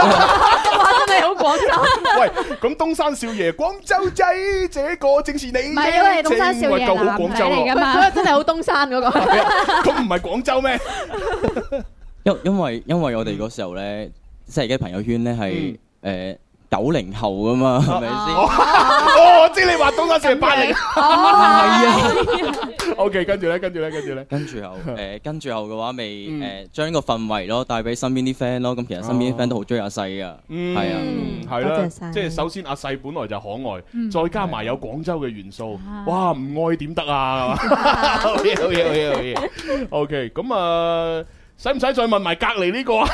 [LAUGHS] 哇，真係好廣州、啊。 [LAUGHS] 喂，咁東山少爺廣州仔，這個正是你，係啊，因為東山少爺，夠好廣州啊，嘛真係好東山嗰個、 [LAUGHS] 啊，咁唔係廣州咩？ [LAUGHS] 因因為因為我哋嗰時候咧，即係啲朋友圈咧係誒九零後噶嘛，係咪先？我知你話到我先八零。係啊。O K，跟住咧，跟住咧，跟住咧。跟住後誒，跟住後嘅話，咪誒將個氛圍咯帶俾身邊啲 friend 咯。咁其實身邊啲 friend 都好中意阿細噶，係啊，係啦。即係首先阿細本來就可愛，再加埋有廣州嘅元素，哇！唔愛點得啊？O K，咁啊。使唔使再問埋隔籬呢個啊？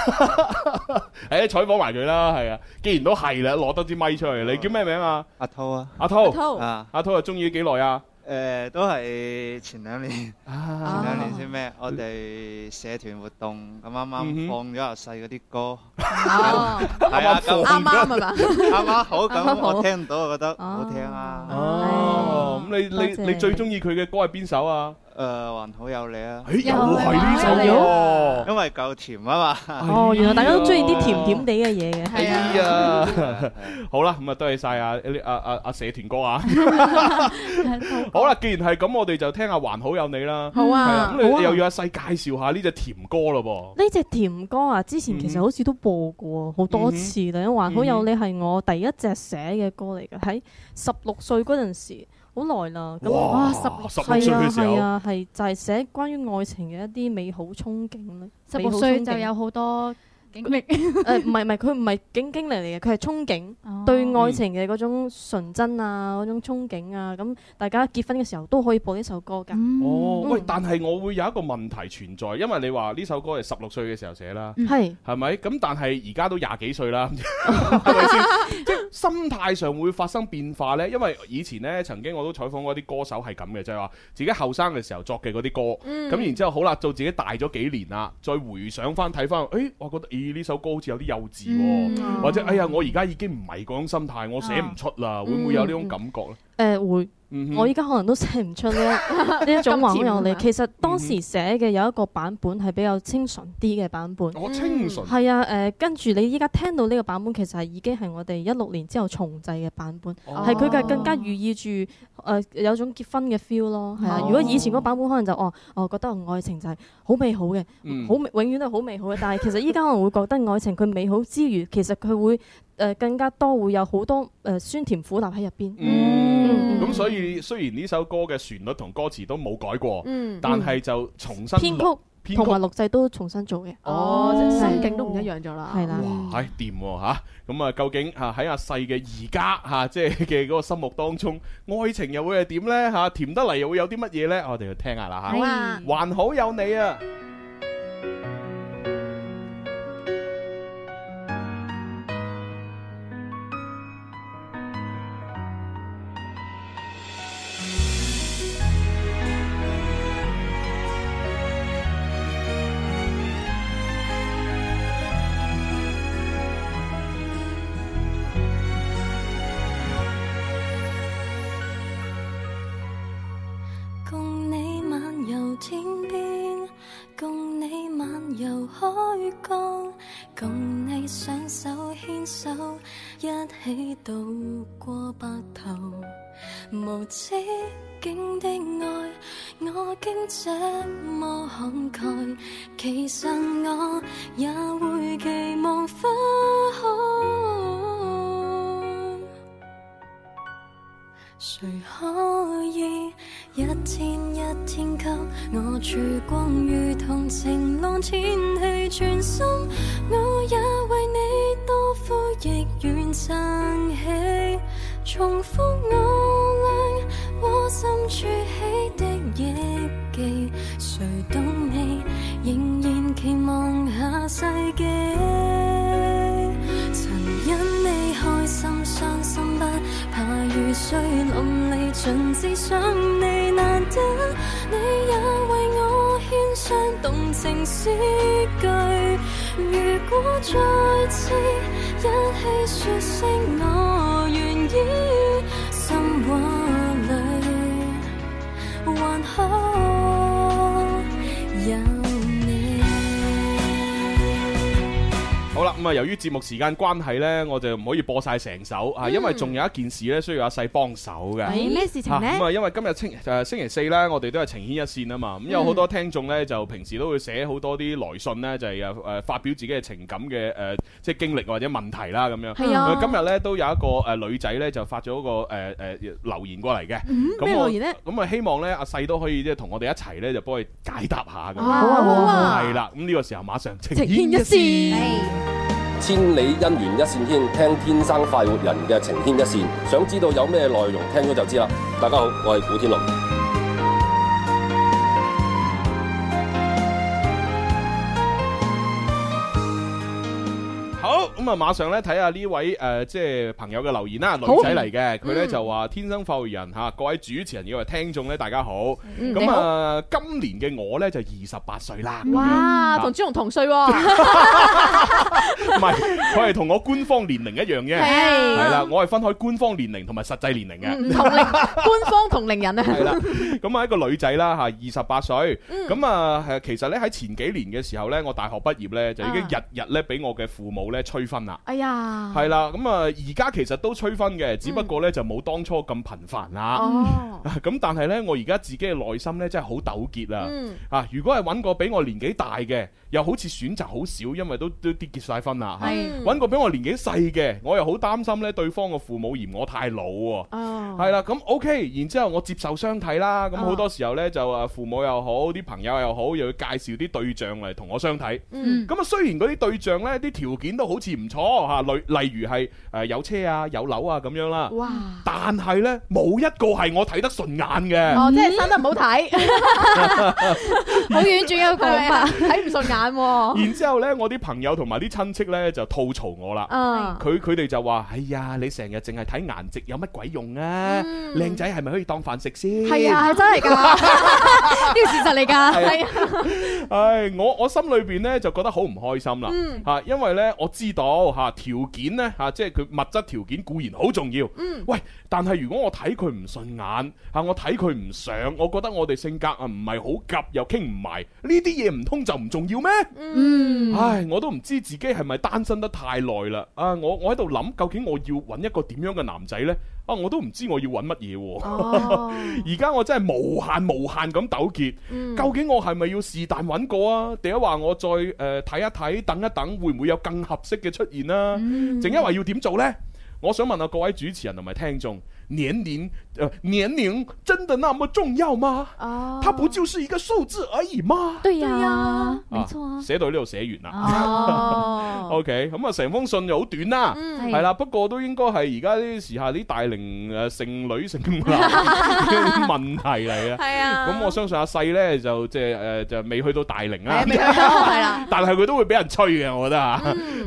誒，採訪埋佢啦，係啊！既然都係啦，攞多支咪出嚟。你叫咩名啊？阿濤啊，阿濤啊，阿濤又中意幾耐啊？誒，都係前兩年。前兩年先咩？我哋社團活動咁啱啱放咗阿細嗰啲歌。係啊，咁啱唔啱啱好咁，我聽唔到我覺得好聽啊！哦，咁你你你最中意佢嘅歌係邊首啊？誒、還、呃、好有你啊！欸、又係呢首喲、啊，因為夠甜啊嘛。哎、哦，原來大家都中意啲甜甜地嘅嘢嘅。係啊、哎，哎呀哎呀哎、呀好啦，咁、嗯、啊，多謝晒阿阿阿阿社團哥啊。 [LAUGHS] [LAUGHS] 嗯嗯嗯、好啦，既然係咁，我哋就聽下《還好有你》啦。好啊，好你又要阿細介紹下呢隻甜歌啦噃？呢隻、啊、甜歌啊，之前其實好似都播過好多次啦。嗯《還、嗯嗯、好有你》係我第一隻寫嘅歌嚟㗎，喺十六歲嗰陣時。好耐啦，咁、嗯、哇十六，係啊係啊，係、啊、就係、是、寫關於愛情嘅一啲美好憧憬啦。十六歲就有好多它、 [LAUGHS] 呃、經歷，誒唔係唔係，佢唔係經經歷嚟嘅，佢係憧憬，哦、對愛情嘅嗰種純真啊，嗰種憧憬啊，咁大家結婚嘅時候都可以播呢首歌噶。嗯、哦，喂，嗯、但係我會有一個問題存在，因為你話呢首歌係十六歲嘅時候寫啦，係是，係咪？咁但係而家都廿幾歲啦，係咪先？心態上會發生變化呢？因為以前咧曾經我都採訪過啲歌手係咁嘅，就係、是、話自己後生嘅時候作嘅嗰啲歌，咁、嗯、然之後好啦，到自己大咗幾年啦，再回想翻睇翻，誒，我覺得，咦，呢首歌好似有啲幼稚、哦，嗯啊、或者，哎呀，我而家已經唔係嗰種心態，我寫唔出啦，會唔會有呢種感覺咧？嗯嗯。誒會，我依家可能都寫唔出呢呢一種往樣嚟。其實當時寫嘅有一個版本係比較清純啲嘅版本。清純係啊，誒跟住你依家聽到呢個版本，其實係已經係我哋一六年之後重製嘅版本，係佢嘅更加寓意住誒有種結婚嘅 feel 咯。係啊，如果以前嗰版本可能就哦哦覺得愛情就係好美好嘅，好永遠都係好美好嘅。但係其實依家可能會覺得愛情佢美好之餘，其實佢會誒更加多會有好多誒酸甜苦辣喺入邊。嗯。咁、嗯、所以雖然呢首歌嘅旋律同歌詞都冇改過，嗯、但係就重新編曲，同埋錄製都重新做嘅。哦，哦即心境都唔一樣咗啦。係啦的。哇的，係掂吓，咁啊，究竟世啊喺阿細嘅而家吓，即係嘅嗰個心目當中，愛情又會係點咧吓？甜得嚟又會有啲乜嘢咧？我哋去聽,聽下啦吓。係啊。的還好有你啊！海角，共你雙手牽手，一起渡過白頭。無止境的愛，我竟這麼慷慨。其實我也會期望花開。誰可以一天一天給我曙光，如同晴朗天氣，專心，我也為你多苦亦願撐起，重複我倆窩心儲起的憶記，誰懂你仍然期望下世紀。誰淋漓盡致想你難得，你也為我獻上動情詩句。如果再次一起說聲我願意，心話裏還好。好啦，咁、嗯、啊，由於節目時間關係咧，我就唔可以播晒成首。啊，因為仲有一件事咧，需要阿細幫手嘅。係咩、欸、事情咧？咁啊、嗯，因為今日星誒星期四，啦我哋都係情牽一線啊嘛。咁有好多聽眾咧，就平時都會寫好多啲來信咧，就係、是、誒、呃、發表自己嘅情感嘅誒、呃，即係經歷或者問題啦咁樣。係啊、嗯嗯嗯。今日咧都有一個誒女仔咧就發咗個誒誒、呃呃、留言過嚟嘅、嗯。嗯，咩留言咧？咁啊，希望咧阿細都可以即係同我哋一齊咧就幫佢解答下嘅。係啦，咁呢個時候馬上情牽一線、嗯。嗯嗯千里姻緣一線牽，聽天生快活人嘅情牽一線，想知道有咩內容，聽咗就知啦。大家好，我係古天樂。咁啊，馬上咧睇下呢位誒，即係朋友嘅留言啦。女仔嚟嘅，佢咧就話天生發育人吓。各位主持人以及聽眾咧，大家好。你好。咁啊，今年嘅我咧就二十八歲啦。哇，同朱紅同歲喎。唔係，佢係同我官方年齡一樣嘅。係。係啦，我係分開官方年齡同埋實際年齡嘅。唔同齡，官方同齡人咧。係啦。咁啊，一個女仔啦吓，二十八歲。咁啊，係其實咧喺前幾年嘅時候咧，我大學畢業咧就已經日日咧俾我嘅父母咧催婚啦！哎呀，係、嗯、啦，咁啊，而家其實都催婚嘅，只不過呢就冇當初咁頻繁啦。咁、哦啊、但係呢，我而家自己嘅內心呢真係好糾結啊！嗯、啊，如果係揾個比我年紀大嘅，又好似選擇好少，因為都都啲結晒婚啦，揾個比我年紀細嘅，我又好擔心咧對方嘅父母嫌我太老喎。哦，係啦，咁 OK，然之後我接受相睇啦。咁好多時候咧就誒父母又好，啲朋友又好，又要介紹啲對象嚟同我相睇。咁啊雖然嗰啲對象呢，啲條件都好似唔錯嚇，例例如係誒有車啊有樓啊咁樣啦。哇！但係呢，冇一個係我睇得順眼嘅。哦，即係生得唔好睇，好遠轉一個啊，睇唔順眼。然之後呢，我啲朋友同埋啲親戚呢就吐槽我啦。佢佢哋就話：哎呀，你成日淨係睇顏值，有乜鬼用啊？靚、嗯、仔係咪可以當飯食先？係啊，係真係噶，呢個事實嚟噶。係我我心裏邊呢就覺得好唔開心啦。吓、嗯，因為呢，我知道吓條、啊、件呢，吓、啊，即係佢物質條件固然好重要。嗯。喂，但係如果我睇佢唔順眼吓，我睇佢唔上，我覺得我哋性格啊唔係好夾，又傾唔埋，呢啲嘢唔通就唔重要咩？嗯，唉，我都唔知自己係咪單身得太耐啦啊！我我喺度諗，究竟我要揾一個點樣嘅男仔呢？啊，我都唔知我要揾乜嘢。而家、哦、 [LAUGHS] 我真係無限無限咁糾結，嗯、究竟我係咪要是但揾過啊？定係話我再誒睇、呃、一睇，等一等，會唔會有更合適嘅出現啦、啊？嗯、正因為要點做呢？我想問下各位主持人同埋聽眾，年年……年齡真的那麼重要嗎？啊，它不就是一個數字而已嗎？對呀，對呀，沒錯。寫到呢度寫完啦。哦。O K，咁啊，成封信就好短啦，係啦，不過都應該係而家啲時下啲大齡誒剩女剩男嘅問題嚟。啊。係啊。咁我相信阿細咧就即係誒就未去到大齡啦，係啦。但係佢都會俾人催嘅，我覺得啊，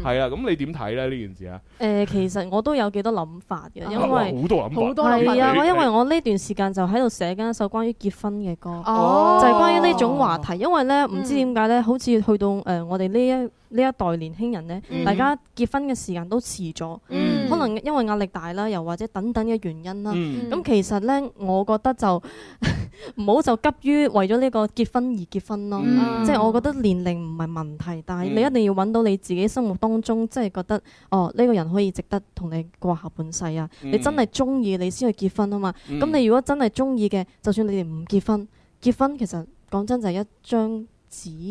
係啊。咁你點睇咧呢件事啊？誒，其實我都有幾多諗法嘅，因為好多諗法，係啊，因為我呢段時間就喺度寫緊一首關於結婚嘅歌，哦、就係關於呢種話題。因為咧，唔知點解咧，嗯、好似去到誒、呃，我哋呢一。呢一代年輕人呢，嗯、大家結婚嘅時間都遲咗，嗯、可能因為壓力大啦，又或者等等嘅原因啦。咁、嗯、其實呢，我覺得就唔好就急於為咗呢個結婚而結婚咯。嗯、即係我覺得年齡唔係問題，但係你一定要揾到你自己生活當中，嗯、即係覺得哦呢、呢個人可以值得同你過下半世啊。嗯、你真係中意你先去結婚啊嘛。咁、嗯、你如果真係中意嘅，就算你哋唔結婚，結婚其實講真就係一張。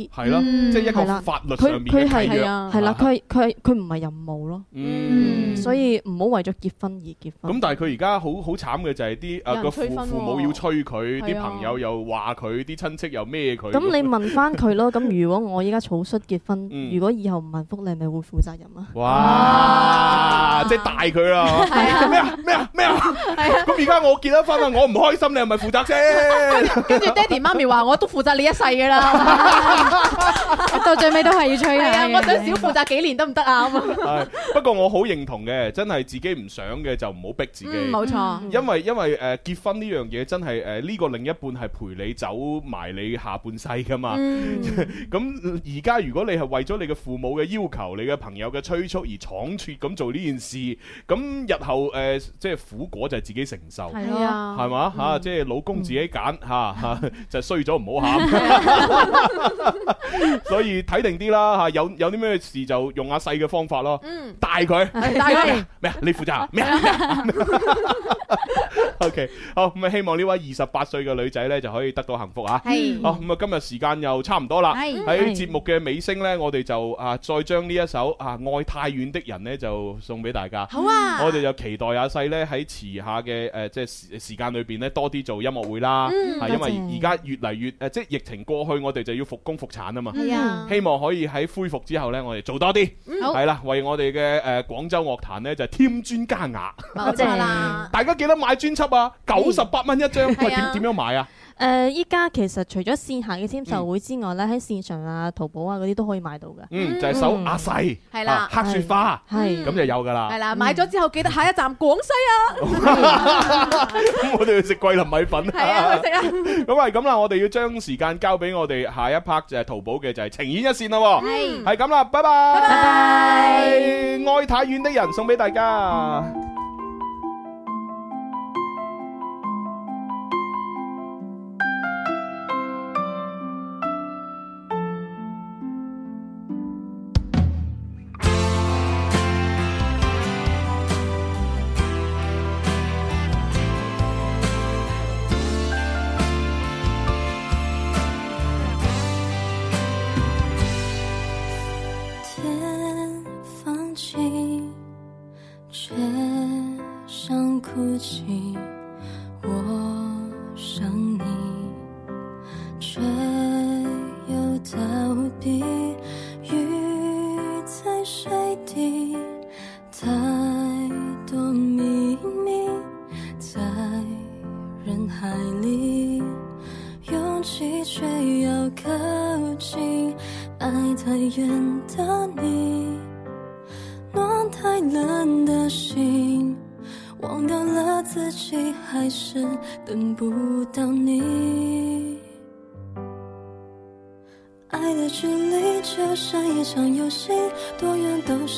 係咯，即係一個法律上面嘅規約。係啦，佢佢佢唔係任務咯。嗯，所以唔好為咗結婚而結婚。咁但係佢而家好好慘嘅就係啲誒個父母要催佢，啲朋友又話佢，啲親戚又咩佢。咁你問翻佢咯。咁如果我依家草率結婚，如果以後唔幸福，你咪會負責任啊？哇！即係大佢啦。咩啊咩啊咩啊！咁而家我結咗婚啦，我唔開心，你係咪負責啫？跟住爹哋媽咪話：我都負責你一世㗎啦。 [LAUGHS] 到最尾都係要催啊！ [LAUGHS] 我想少負責幾年得唔得啊 [LAUGHS] 不過我好認同嘅，真係自己唔想嘅就唔好逼自己。冇錯、嗯，因為因為誒結婚呢樣嘢真係誒呢個另一半係陪你走埋你下半世噶嘛。咁而家如果你係為咗你嘅父母嘅要求、你嘅朋友嘅催促而倉促咁做呢件事，咁日後誒、呃、即係苦果就係自己承受。係啊，係嘛吓，即係老公自己揀吓、啊啊，就衰咗唔好喊。 [LAUGHS] 所以睇定啲啦吓，有有啲咩事就用阿細嘅方法咯，帶佢、嗯，帶咩啊？你負責啊？咩啊？ [LAUGHS] [LAUGHS] O.K. 好，咁啊希望呢位二十八歲嘅女仔呢就可以得到幸福吓。係，好，咁啊，今日時間又差唔多啦。係，喺節目嘅尾聲呢，我哋就啊再將呢一首啊愛太遠的人呢就送俾大家。好啊！我哋就期待阿細呢喺遲下嘅誒即係時間裏邊咧多啲做音樂會啦。係因為而家越嚟越誒即係疫情過去，我哋就要復工復產啊嘛。係啊，希望可以喺恢復之後呢，我哋做多啲。好，係啦，為我哋嘅誒廣州樂壇呢就添磚加瓦。好啦，大家。記得買專輯啊！九十八蚊一張，點點樣買啊？誒，依家其實除咗線下嘅簽售會之外咧，喺線上啊、淘寶啊嗰啲都可以買到嘅。嗯，就係搜阿細係啦，黑雪花係，咁就有噶啦。係啦，買咗之後記得下一站廣西啊！咁我哋要食桂林米粉係啊，咁係咁啦，我哋要將時間交俾我哋下一 part 就係淘寶嘅，就係呈現一線啦。係係咁啦，拜拜，拜拜，愛太遠的人送俾大家。